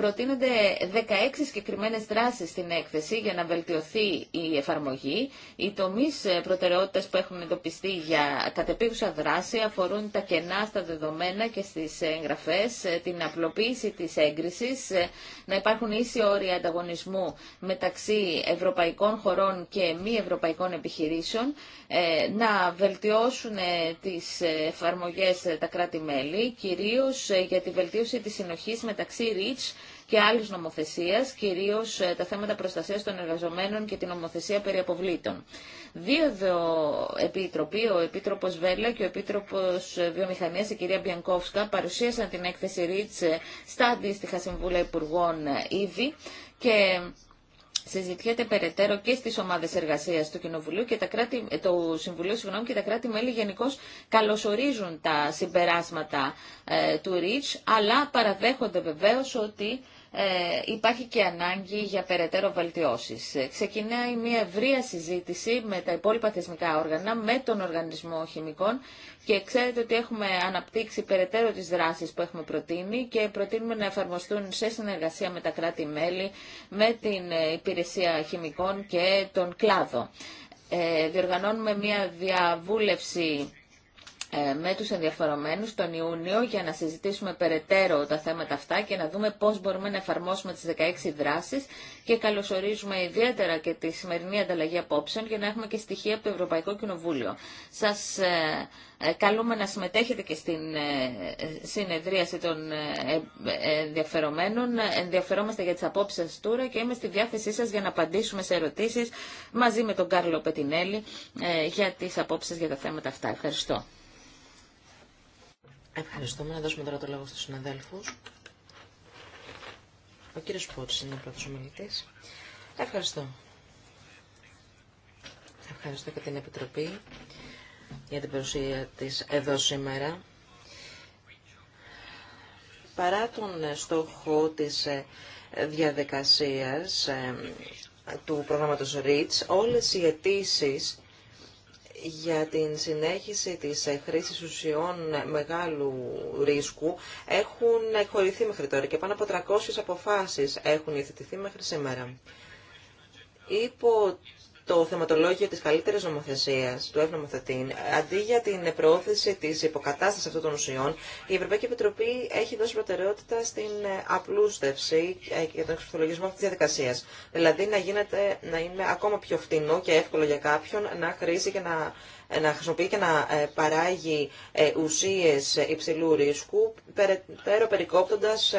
Προτείνονται 16 συγκεκριμένε δράσει στην έκθεση για να βελτιωθεί η εφαρμογή. Οι τομεί ε, προτεραιότητα που έχουν εντοπιστεί για κατεπίγουσα δράση αφορούν τα κενά στα δεδομένα και στι εγγραφέ, ε, την απλοποίηση τη έγκριση, ε, να υπάρχουν ίσοι όροι ανταγωνισμού μεταξύ ευρωπαϊκών χωρών και μη ευρωπαϊκών επιχειρήσεων, να βελτιώσουν τι εφαρμογέ τα κράτη-μέλη, κυρίω για τη βελτίωση τη συνοχή μεταξύ REACH και άλλη νομοθεσία κυρίω ε, τα θέματα προστασία των εργαζομένων και την νομοθεσία περί αποβλήτων. Δύο εδώ επίτροποι, ο Επίτροπο Βέλλα και ο επίτροπο ε, βιομηχανία, η κυρία Μπιανκόφσκα, παρουσίασαν την έκθεση ΡΙΤΣ στα αντίστοιχα Συμβούλια Υπουργών ε, ήδη και συζητιέται περαιτέρω και στις ομάδες εργασίας του Κοινοβουλίου και τα κράτη, το Συμβουλίου συγγνώμη, και τα κράτη-μέλη γενικώ καλωσορίζουν τα συμπεράσματα του ΡΙΤΣ, αλλά παραδέχονται βεβαίω ότι ε, υπάρχει και ανάγκη για περαιτέρω βελτιώσεις. Ε, ξεκινάει μια ευρεία συζήτηση με τα υπόλοιπα θεσμικά όργανα, με τον Οργανισμό Χημικών και ξέρετε ότι έχουμε αναπτύξει περαιτέρω τις δράσεις που έχουμε προτείνει και προτείνουμε να εφαρμοστούν σε συνεργασία με τα κράτη-μέλη, με την ε, Υπηρεσία Χημικών και τον κλάδο. Ε, διοργανώνουμε μια διαβούλευση ε, με τους ενδιαφερομένους τον Ιούνιο για να συζητήσουμε περαιτέρω τα θέματα αυτά και να δούμε πώς μπορούμε να εφαρμόσουμε τις 16 δράσεις και καλωσορίζουμε ιδιαίτερα και τη σημερινή ανταλλαγή απόψεων για να έχουμε και στοιχεία από το Ευρωπαϊκό Κοινοβούλιο. Σας ε, ε, καλούμε να συμμετέχετε και στην συνεδρίαση των ενδιαφερομένων. Ενδιαφερόμαστε για τις απόψεις σας τώρα και είμαι στη διάθεσή σας για να απαντήσουμε σε ερωτήσεις μαζί με τον Κάρλο Πετινέλη για τις απόψεις για τα θέματα αυτά. Ευχαριστώ. Ευχαριστούμε. Να δώσουμε τώρα το λόγο στους συναδέλφους. Ο κύριος Πότσης είναι ο πρώτος ομιλητής. Ευχαριστώ. Ευχαριστώ και την Επιτροπή για την παρουσία της εδώ σήμερα. Παρά τον στόχο της ε, διαδικασίας ε, του προγράμματος REACH, όλες οι αιτήσει για την συνέχιση της χρήσης ουσιών μεγάλου ρίσκου έχουν εκχωρηθεί μέχρι τώρα και πάνω από 300 αποφάσεις έχουν υιοθετηθεί μέχρι σήμερα. Υπό το θεματολόγιο τη καλύτερη νομοθεσία του ευνομοθετή, αντί για την προώθηση τη υποκατάσταση αυτών των ουσιών, η Ευρωπαϊκή Επιτροπή έχει δώσει προτεραιότητα στην ε, απλούστευση και ε, τον εξορθολογισμό αυτή τη διαδικασία. Δηλαδή να, γίνεται, να είναι ακόμα πιο φτηνό και εύκολο για κάποιον να χρήσει και να ε, να χρησιμοποιεί και να παράγει ουσίες υψηλού ρίσκου, περαιτέρω περικόπτοντας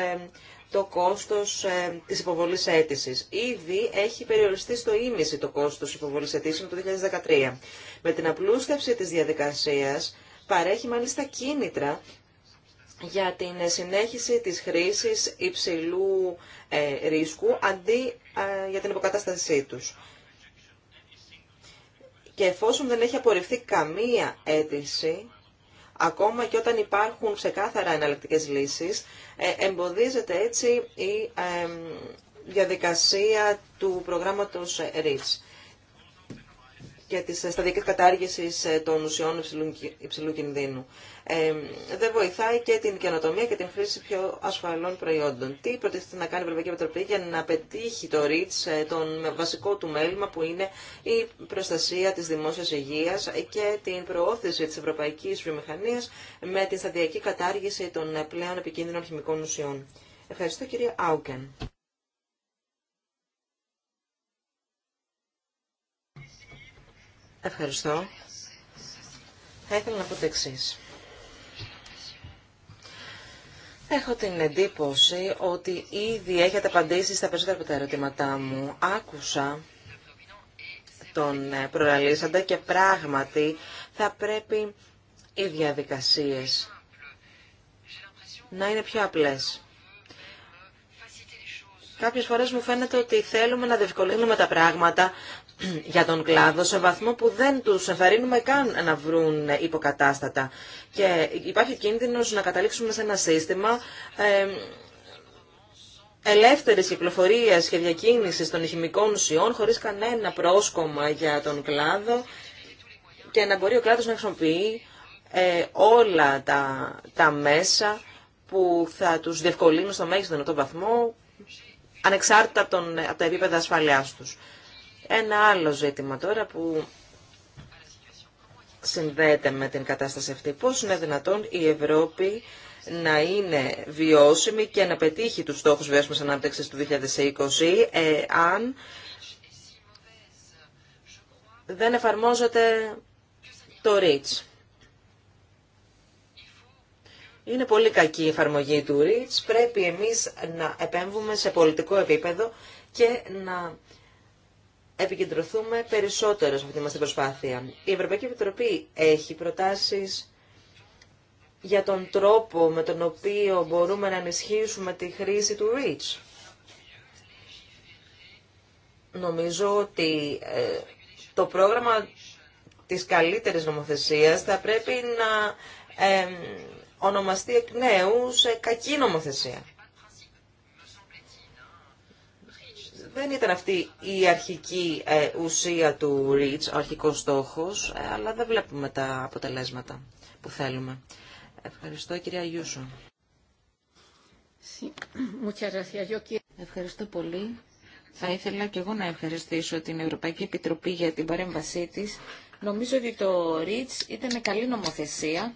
το κόστος ε, της υποβολής αίτησης. Ήδη έχει περιοριστεί στο ίμιση το κόστος υποβολής αίτησης το 2013. Με την απλούστευση της διαδικασίας παρέχει μάλιστα κίνητρα για την συνέχιση της χρήσης υψηλού ε, ρίσκου αντί ε, για την υποκατάστασή τους. Και εφόσον δεν έχει απορριφθεί καμία αίτηση, ακόμα και όταν υπάρχουν ξεκάθαρα εναλλακτικέ λύσεις, ε, εμποδίζεται έτσι η ε, διαδικασία του προγράμματος REACH και τη σταδιακής κατάργηση ε, των ουσιών υψηλού κινδύνου. Ε, δεν βοηθάει και την καινοτομία και την χρήση πιο ασφαλών προϊόντων. Τι προτίθεται να κάνει η Ευρωπαϊκή Επιτροπή για να πετύχει το ΡΙΤΣ, ε, τον βασικό του μέλημα που είναι η προστασία της δημόσιας υγείας και την προώθηση της ευρωπαϊκής βιομηχανίας με τη σταδιακή κατάργηση των πλέον επικίνδυνων χημικών ουσιών. Ευχαριστώ κυρία Άουκεν. Ευχαριστώ. Θα ήθελα να πω το εξή. Έχω την εντύπωση ότι ήδη έχετε απαντήσει στα περισσότερα από τα ερωτήματά μου. Άκουσα τον ε, προαλήσαντα και πράγματι θα πρέπει οι διαδικασίες να είναι πιο απλές. Κάποιες φορές μου φαίνεται ότι θέλουμε να διευκολύνουμε τα πράγματα, για τον κλάδο σε βαθμό που δεν τους ενθαρρύνουμε καν να βρουν υποκατάστατα. Και υπάρχει κίνδυνος να καταλήξουμε σε ένα σύστημα ελεύθερης κυκλοφορίας και διακίνησης των χημικών ουσιών χωρίς κανένα πρόσκομα για τον κλάδο και να μπορεί ο κλάδος να χρησιμοποιεί ε, όλα τα, τα μέσα που θα τους διευκολύνουν στο μέγιστο δυνατό βαθμό ανεξάρτητα από, τον, από τα επίπεδα ασφαλείας τους. Ένα άλλο ζήτημα τώρα που συνδέεται με την κατάσταση αυτή. Πώς είναι δυνατόν η Ευρώπη να είναι βιώσιμη και να πετύχει τους στόχους βιώσιμης ανάπτυξης του 2020 ε, αν δεν εφαρμόζεται το REACH. Είναι πολύ κακή η εφαρμογή του REACH. Πρέπει εμείς να επέμβουμε σε πολιτικό επίπεδο και να επικεντρωθούμε περισσότερο σε αυτήν μας την προσπάθεια. Η Ευρωπαϊκή Επιτροπή έχει προτάσεις για τον τρόπο με τον οποίο μπορούμε να ενισχύσουμε τη χρήση του REACH. Νομίζω ότι ε, το πρόγραμμα της καλύτερης νομοθεσίας θα πρέπει να ε, ονομαστεί εκ νέου σε κακή νομοθεσία. Δεν ήταν αυτή η αρχική ε, ουσία του REACH, ο αρχικός στόχος, ε, αλλά δεν βλέπουμε τα αποτελέσματα που θέλουμε. Ευχαριστώ, κυρία Γιούσο. Ευχαριστώ πολύ. Θα ήθελα και εγώ να ευχαριστήσω την Ευρωπαϊκή Επιτροπή για την παρέμβασή της. Νομίζω ότι το REACH ήταν καλή νομοθεσία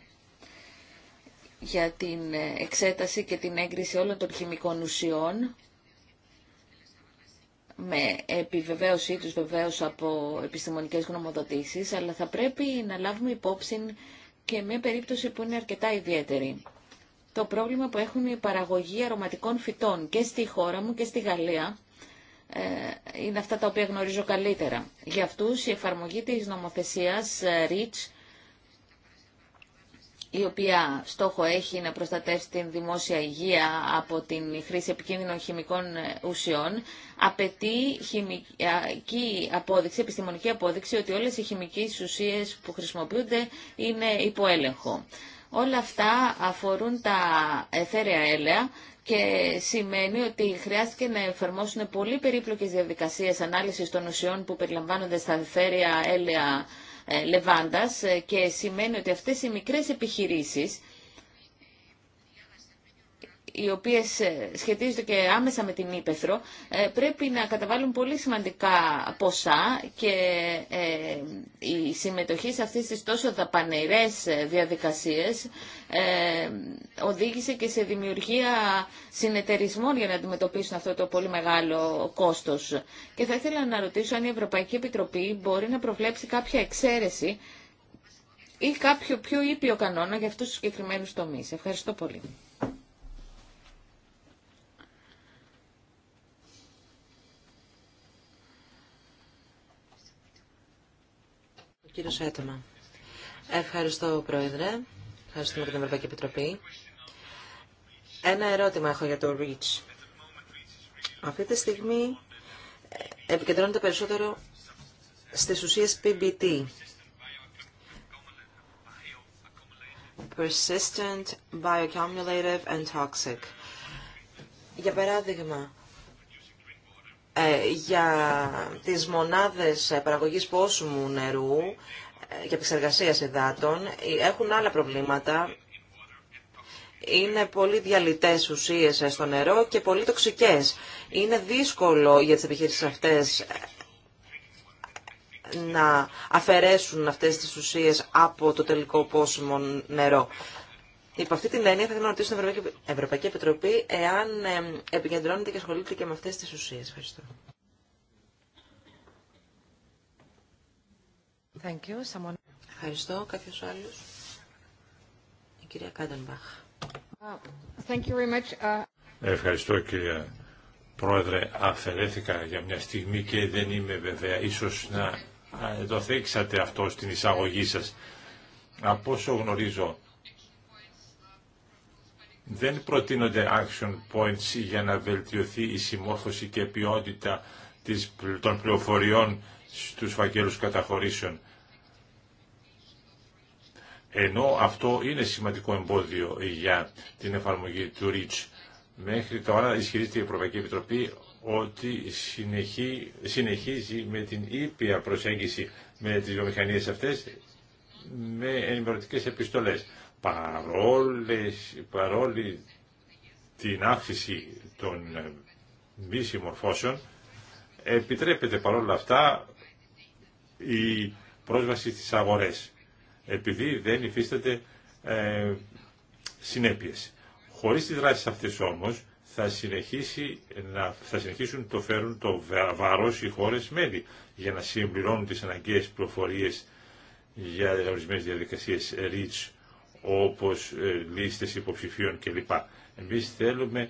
για την ε, εξέταση και την έγκριση όλων των χημικών ουσιών με επιβεβαίωσή τους βεβαίως από επιστημονικές γνωμοδοτήσεις, αλλά θα πρέπει να λάβουμε υπόψη και μια περίπτωση που είναι αρκετά ιδιαίτερη. Το πρόβλημα που έχουν οι παραγωγοί αρωματικών φυτών και στη χώρα μου και στη Γαλλία ε, είναι αυτά τα οποία γνωρίζω καλύτερα. Για αυτούς η εφαρμογή της νομοθεσίας REACH ε, η οποία στόχο έχει να προστατεύσει την δημόσια υγεία από την χρήση επικίνδυνων χημικών ε, ουσιών, απαιτεί χημική απόδειξη, επιστημονική απόδειξη ότι όλες οι χημικές ουσίες που χρησιμοποιούνται είναι υπό έλεγχο. Όλα αυτά αφορούν τα εθέρεα έλαια και σημαίνει ότι χρειάστηκε να εφαρμόσουν πολύ περίπλοκες διαδικασίες ανάλυσης των ουσιών που περιλαμβάνονται στα εθέρεα έλαια ε, λεβάντας ε, και σημαίνει ότι αυτές οι μικρές επιχειρήσεις οι οποίες ε, σχετίζονται και άμεσα με την Ήπεθρο, ε, πρέπει να καταβάλουν πολύ σημαντικά ποσά και ε, η συμμετοχή σε αυτές τις τόσο δαπανερέ διαδικασίες οδήγησε και σε δημιουργία συνεταιρισμών για να αντιμετωπίσουν αυτό το πολύ μεγάλο κόστος. Και θα ήθελα να ρωτήσω αν η Ευρωπαϊκή Επιτροπή μπορεί να προβλέψει κάποια εξαίρεση ή κάποιο πιο ήπιο κανόνα για αυτούς τους συγκεκριμένους τομείς. Ευχαριστώ πολύ. Κύριο Σέτομα. Ευχαριστώ, Πρόεδρε. Ευχαριστούμε και την Ευρωπαϊκή Επιτροπή. Ένα ερώτημα έχω για το REACH. Αυτή τη στιγμή ε, επικεντρώνεται περισσότερο στις ουσίες PBT. Persistent, Bioaccumulative and Toxic. Για παράδειγμα, ε, για τις μονάδες παραγωγής πόσιμου νερού ε, και επεξεργασίας υδάτων ε, έχουν άλλα προβλήματα. Είναι πολύ διαλυτές ουσίες στο νερό και πολύ τοξικές. Είναι δύσκολο για τις επιχείρησεις αυτές να αφαιρέσουν αυτές τις ουσίες από το τελικό πόσιμο νερό. Υπό αυτή την έννοια θα ήθελα να ρωτήσω την Ευρωπαϊκή, Επιτροπή εάν επικεντρώνεται και ασχολείται και με αυτές τις ουσίες. Ευχαριστώ. Ευχαριστώ. Κάποιος άλλο. Η κυρία Κάντενμπαχ. Uh, uh, Ευχαριστώ κυρία Πρόεδρε. Αφαιρέθηκα για μια στιγμή και δεν είμαι βέβαια. Ίσως να το θέξατε αυτό στην εισαγωγή σας. Από όσο γνωρίζω δεν προτείνονται action points για να βελτιωθεί η συμμόρφωση και ποιότητα των πληροφοριών στους φακέλους καταχωρήσεων. Ενώ αυτό είναι σημαντικό εμπόδιο για την εφαρμογή του REACH. Μέχρι τώρα ισχυρίζεται η Ευρωπαϊκή Επιτροπή ότι συνεχίζει με την ήπια προσέγγιση με τις βιομηχανίες αυτές με ενημερωτικές επιστολές παρόλες, παρόλη την αύξηση των μη συμμορφώσεων, επιτρέπεται παρόλα αυτά η πρόσβαση στις αγορές, επειδή δεν υφίσταται ε, συνέπειες. Χωρίς τις δράσεις αυτές όμως, θα, συνεχίσει να, θα συνεχίσουν το φέρουν το βαρός οι χώρες μέλη για να συμπληρώνουν τις αναγκαίες προφορίες για ορισμένες διαδικασίες REACH όπως ε, λίστες υποψηφίων κλπ. Εμείς θέλουμε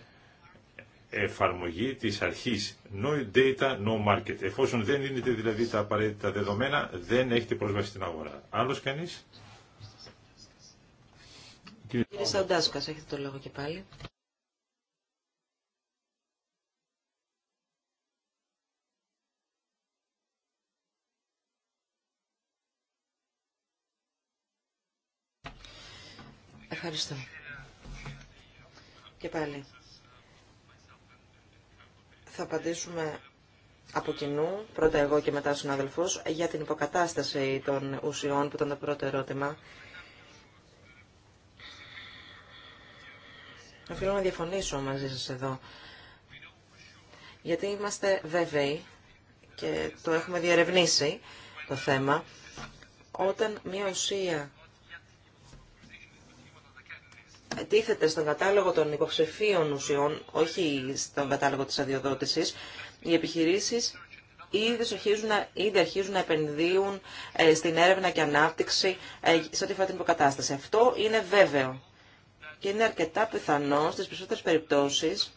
εφαρμογή της αρχής no data, no market. Εφόσον δεν δίνετε δηλαδή τα απαραίτητα δεδομένα, δεν έχετε πρόσβαση στην αγορά. Άλλος κανείς? Κύριε Σαντάσκας, έχετε το λόγο και πάλι. Ευχαριστώ. Και πάλι. Θα απαντήσουμε από κοινού, πρώτα εγώ και μετά ο συνάδελφος, για την υποκατάσταση των ουσιών που ήταν το πρώτο ερώτημα. Οφείλω να διαφωνήσω μαζί σας εδώ. Γιατί είμαστε βέβαιοι και το έχουμε διερευνήσει το θέμα. Όταν μια ουσία τίθεται στον κατάλογο των υποψηφίων ουσιών, όχι στον κατάλογο της αδειοδότησης, οι επιχειρήσεις ήδη αρχίζουν, να, ήδη αρχίζουν να επενδύουν ε, στην έρευνα και ανάπτυξη ε, σε ό,τι αφορά την υποκατάσταση. Αυτό είναι βέβαιο και είναι αρκετά πιθανό στις περισσότερες περιπτώσεις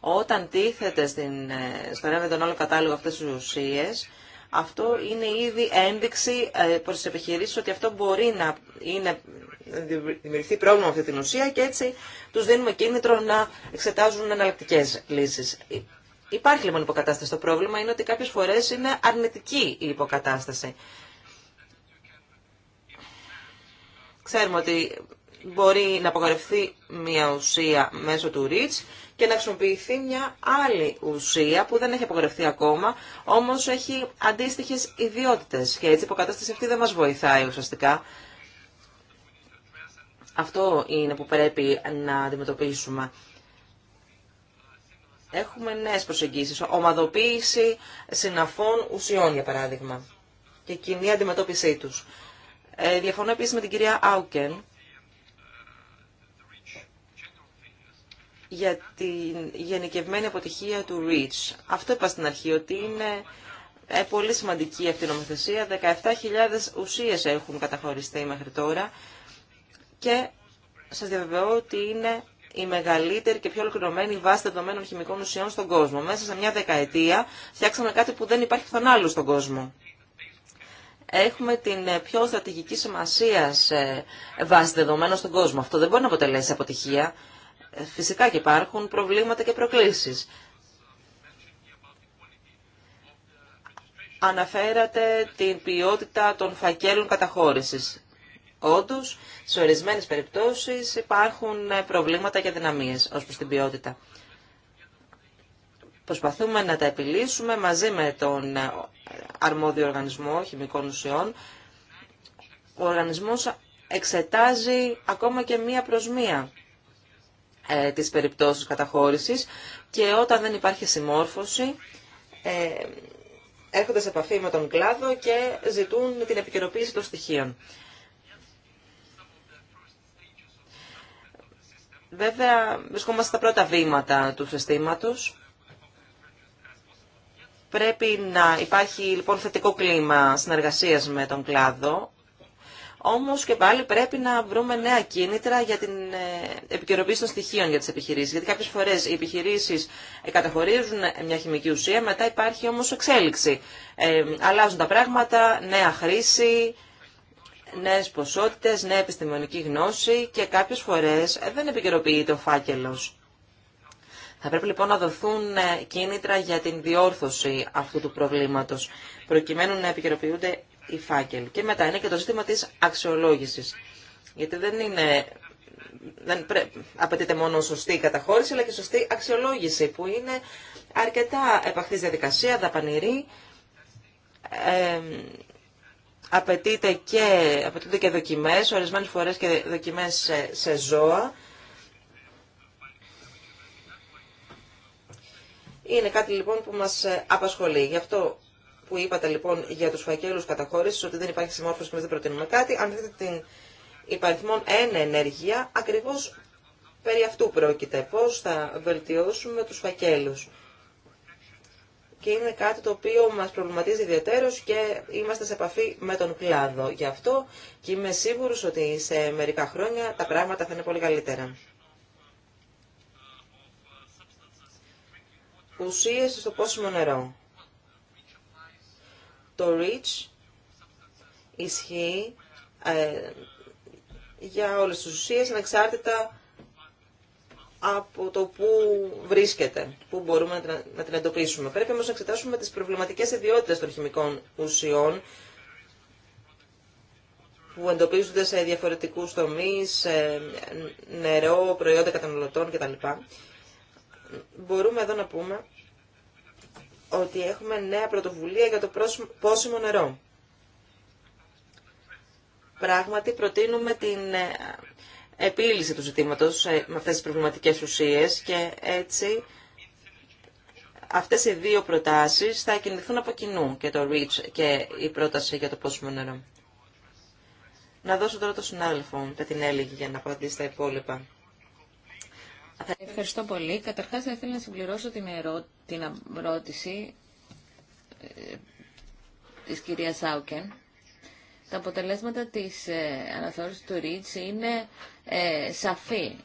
όταν τίθεται στην, ε, στον ένα τον άλλο κατάλογο αυτές τις ουσίες, αυτό είναι ήδη ένδειξη ε, προς τις επιχειρήσεις ότι αυτό μπορεί να είναι, δημιουργηθεί πρόβλημα αυτή την ουσία και έτσι τους δίνουμε κίνητρο να εξετάζουν εναλλακτικέ λύσεις. Ε, υπάρχει λοιπόν υποκατάσταση. Το πρόβλημα είναι ότι κάποιες φορές είναι αρνητική η υποκατάσταση. Ξέρουμε ότι μπορεί να απογορευτεί μια ουσία μέσω του REACH και να χρησιμοποιηθεί μια άλλη ουσία που δεν έχει απογορευτεί ακόμα, όμως έχει αντίστοιχε ιδιότητες και έτσι η υποκατάσταση αυτή δεν μας βοηθάει ουσιαστικά. Αυτό είναι που πρέπει να αντιμετωπίσουμε. Έχουμε νέες προσεγγίσεις, ομαδοποίηση συναφών ουσιών για παράδειγμα και κοινή αντιμετώπιση τους. Ε, διαφωνώ επίσης με την κυρία Άουκεν για την γενικευμένη αποτυχία του REACH. Αυτό είπα στην αρχή, ότι είναι ε, πολύ σημαντική αυτή η νομοθεσία. 17.000 ουσίες έχουν καταχωριστεί μέχρι τώρα και σας διαβεβαιώ ότι είναι η μεγαλύτερη και πιο ολοκληρωμένη βάση δεδομένων χημικών ουσιών στον κόσμο. Μέσα σε μια δεκαετία φτιάξαμε κάτι που δεν υπάρχει πουθενά στον κόσμο. Έχουμε την ε, πιο στρατηγική σημασία ε, βάση δεδομένων στον κόσμο. Αυτό δεν μπορεί να αποτελέσει αποτυχία. Φυσικά και υπάρχουν προβλήματα και προκλήσεις. Αναφέρατε την ποιότητα των φακέλων καταχώρησης. Όντως, σε ορισμένες περιπτώσεις υπάρχουν προβλήματα και δυναμίες ως προς την ποιότητα. Προσπαθούμε να τα επιλύσουμε μαζί με τον αρμόδιο οργανισμό χημικών ουσιών. Ο οργανισμός εξετάζει ακόμα και μία προς μία ε, τις περιπτώσεις καταχώρησης και όταν δεν υπάρχει συμμόρφωση ε, έρχονται σε επαφή με τον κλάδο και ζητούν την επικαιροποίηση των στοιχείων. Βέβαια, βρισκόμαστε στα πρώτα βήματα του συστήματος. Πρέπει να υπάρχει λοιπόν θετικό κλίμα συνεργασίας με τον κλάδο, Όμω και πάλι πρέπει να βρούμε νέα κίνητρα για την ε, επικαιροποίηση των στοιχείων για τι επιχειρήσει. Γιατί κάποιε φορέ οι επιχειρήσεις ε, καταχωρίζουν μια χημική ουσία, μετά υπάρχει όμω εξέλιξη. Ε, αλλάζουν τα πράγματα, νέα χρήση, νέε ποσότητε, νέα επιστημονική γνώση και κάποιε φορές ε, δεν επικαιροποιείται ο φάκελο. Θα πρέπει λοιπόν να δοθούν κίνητρα για την διόρθωση αυτού του προβλήματος, προκειμένου να επικαιροποιούνται η Και μετά είναι και το ζήτημα της αξιολόγησης. Γιατί δεν είναι... Δεν απαιτείται μόνο σωστή καταχώρηση, αλλά και σωστή αξιολόγηση, που είναι αρκετά επαχθής διαδικασία, δαπανηρή. Ε, απαιτείται και, απαιτείται και δοκιμές, ορισμένες φορές και δοκιμές σε, σε ζώα. Είναι κάτι λοιπόν που μας απασχολεί. Γι' αυτό που είπατε λοιπόν για τους φακέλους καταχώρησης, ότι δεν υπάρχει συμμόρφωση και δεν προτείνουμε κάτι, αν δείτε την υπαριθμόν 1 ενέργεια, ακριβώς περί αυτού πρόκειται. Πώς θα βελτιώσουμε τους φακέλους. Και είναι κάτι το οποίο μας προβληματίζει ιδιαίτερως και είμαστε σε επαφή με τον κλάδο. Γι' αυτό και είμαι σίγουρος ότι σε μερικά χρόνια τα πράγματα θα είναι πολύ καλύτερα. Ουσίες στο πόσιμο νερό. Το REACH ισχύει ε, για όλες τις ουσίες ανεξάρτητα από το πού βρίσκεται, πού μπορούμε να την εντοπίσουμε. Πρέπει όμως να εξετάσουμε τις προβληματικές ιδιότητες των χημικών ουσιών που εντοπίζονται σε διαφορετικούς τομείς, νερό, προϊόντα καταναλωτών κτλ. Μπορούμε εδώ να πούμε ότι έχουμε νέα πρωτοβουλία για το πόσιμο νερό. Πράγματι, προτείνουμε την ε, επίλυση του ζητήματος ε, με αυτές τις προβληματικές ουσίες και έτσι αυτές οι δύο προτάσεις θα κινηθούν από κοινού και το REACH και η πρόταση για το πόσιμο νερό. Να δώσω τώρα το συνάδελφο, με την έλεγχη για να απαντήσει τα υπόλοιπα. Ευχαριστώ πολύ. Καταρχάς θα ήθελα να συμπληρώσω την, ερώτηση ε, της κυρίας Σάουκεν. Τα αποτελέσματα της ε, αναθεώρησης του ΡΙΤΣ είναι ε, σαφή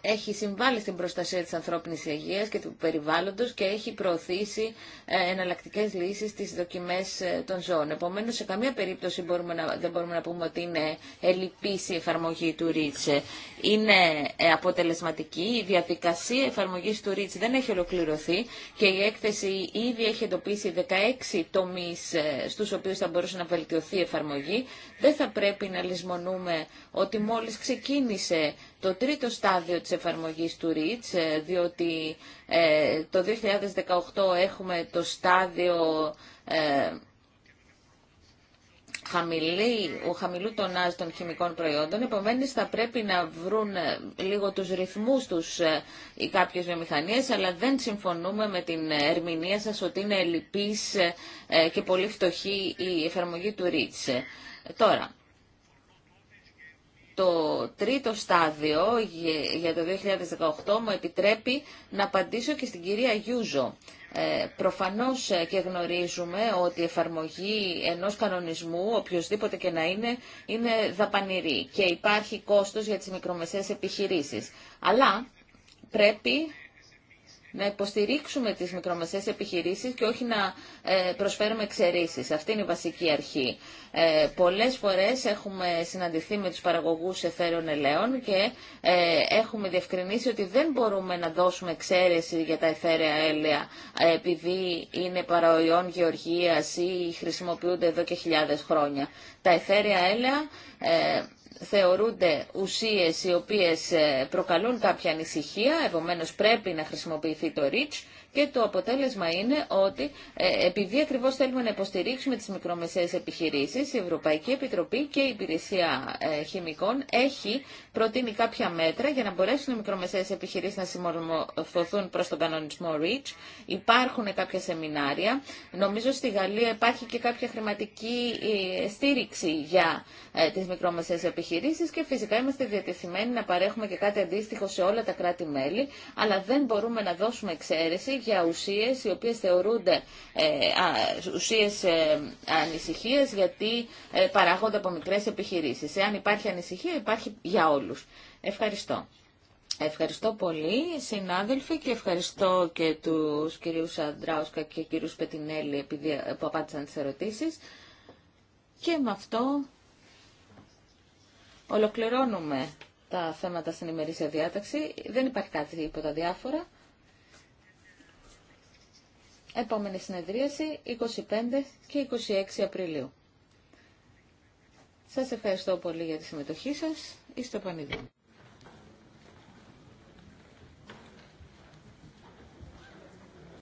έχει συμβάλει στην προστασία της ανθρώπινης υγείας και του περιβάλλοντος και έχει προωθήσει ε, εναλλακτικέ λύσεις στις δοκιμές ε, των ζώων. Επομένως, σε καμία περίπτωση μπορούμε να, δεν μπορούμε να πούμε ότι είναι ελλειπής η εφαρμογή του ΡΙΤΣ. Είναι ε, αποτελεσματική, η διαδικασία εφαρμογής του ΡΙΤΣ δεν έχει ολοκληρωθεί και η έκθεση ήδη έχει εντοπίσει 16 τομείς στους οποίους θα μπορούσε να βελτιωθεί η εφαρμογή. Δεν θα πρέπει να λησμονούμε ότι μόλις ξεκίνησε το τρίτο στάδιο της εφαρμογής του REACH, ε, διότι ε, το 2018 έχουμε το στάδιο ε, χαμηλή, χαμηλού τονάζ των χημικών προϊόντων, επομένως θα πρέπει να βρουν λίγο τους ρυθμούς τους οι κάποιες βιομηχανίες, αλλά δεν συμφωνούμε με την ερμηνεία σας ότι είναι και πολύ φτωχή η εφαρμογή του REACH. Τώρα, το τρίτο στάδιο για το 2018 μου επιτρέπει να απαντήσω και στην κυρία Γιούζο. Ε, προφανώς ε, και γνωρίζουμε ότι η εφαρμογή ενός κανονισμού, οποιοδήποτε και να είναι, είναι δαπανηρή και υπάρχει κόστος για τις μικρομεσαίες επιχειρήσεις. Αλλά πρέπει να υποστηρίξουμε τις μικρομεσαίες επιχειρήσεις και όχι να ε, προσφέρουμε εξαιρήσεις. Αυτή είναι η βασική αρχή. Ε, πολλές φορές έχουμε συναντηθεί με τους παραγωγούς εθέρων ελαιών και ε, έχουμε διευκρινίσει ότι δεν μπορούμε να δώσουμε εξαίρεση για τα εφαίρεα έλαια ε, επειδή είναι παραοϊόν γεωργίας ή χρησιμοποιούνται εδώ και χιλιάδες χρόνια. Τα εφαίρεα έλαια ε, θεωρούνται ουσίες οι οποίες ε, προκαλούν κάποια ανησυχία, επομένως πρέπει να χρησιμοποιηθεί το REACH και το αποτέλεσμα είναι ότι ε, επειδή ακριβώς θέλουμε να υποστηρίξουμε τις μικρομεσαίες επιχειρήσεις, η Ευρωπαϊκή Επιτροπή και η Υπηρεσία ε, Χημικών έχει προτείνει κάποια μέτρα για να μπορέσουν οι μικρομεσαίες επιχειρήσεις να συμμορφωθούν προς τον κανονισμό REACH. Υπάρχουν κάποια σεμινάρια. Νομίζω στη Γαλλία υπάρχει και κάποια χρηματική ε, στήριξη για τις μικρομεσαίες επιχειρήσεις και φυσικά είμαστε διατεθειμένοι να παρέχουμε και κάτι αντίστοιχο σε όλα τα κράτη-μέλη, αλλά δεν μπορούμε να δώσουμε εξαίρεση για ουσίες οι οποίες θεωρούνται ε, ουσίες ε, ανησυχίες γιατί ε, παράγονται από μικρές επιχειρήσεις. Εάν υπάρχει ανησυχία υπάρχει για όλους. Ευχαριστώ. Ευχαριστώ πολύ συνάδελφοι και ευχαριστώ και τους κυρίους Αντράουσκα και κυρίους Πετινέλη επειδή, που απάντησαν τις ερωτήσεις. Και με αυτό ολοκληρώνουμε τα θέματα στην ημερήσια διάταξη. Δεν υπάρχει κάτι τα διάφορα. Επόμενη συνεδρίαση 25 και 26 Απριλίου. Σας ευχαριστώ πολύ για τη συμμετοχή σας. Είστε πανίδι.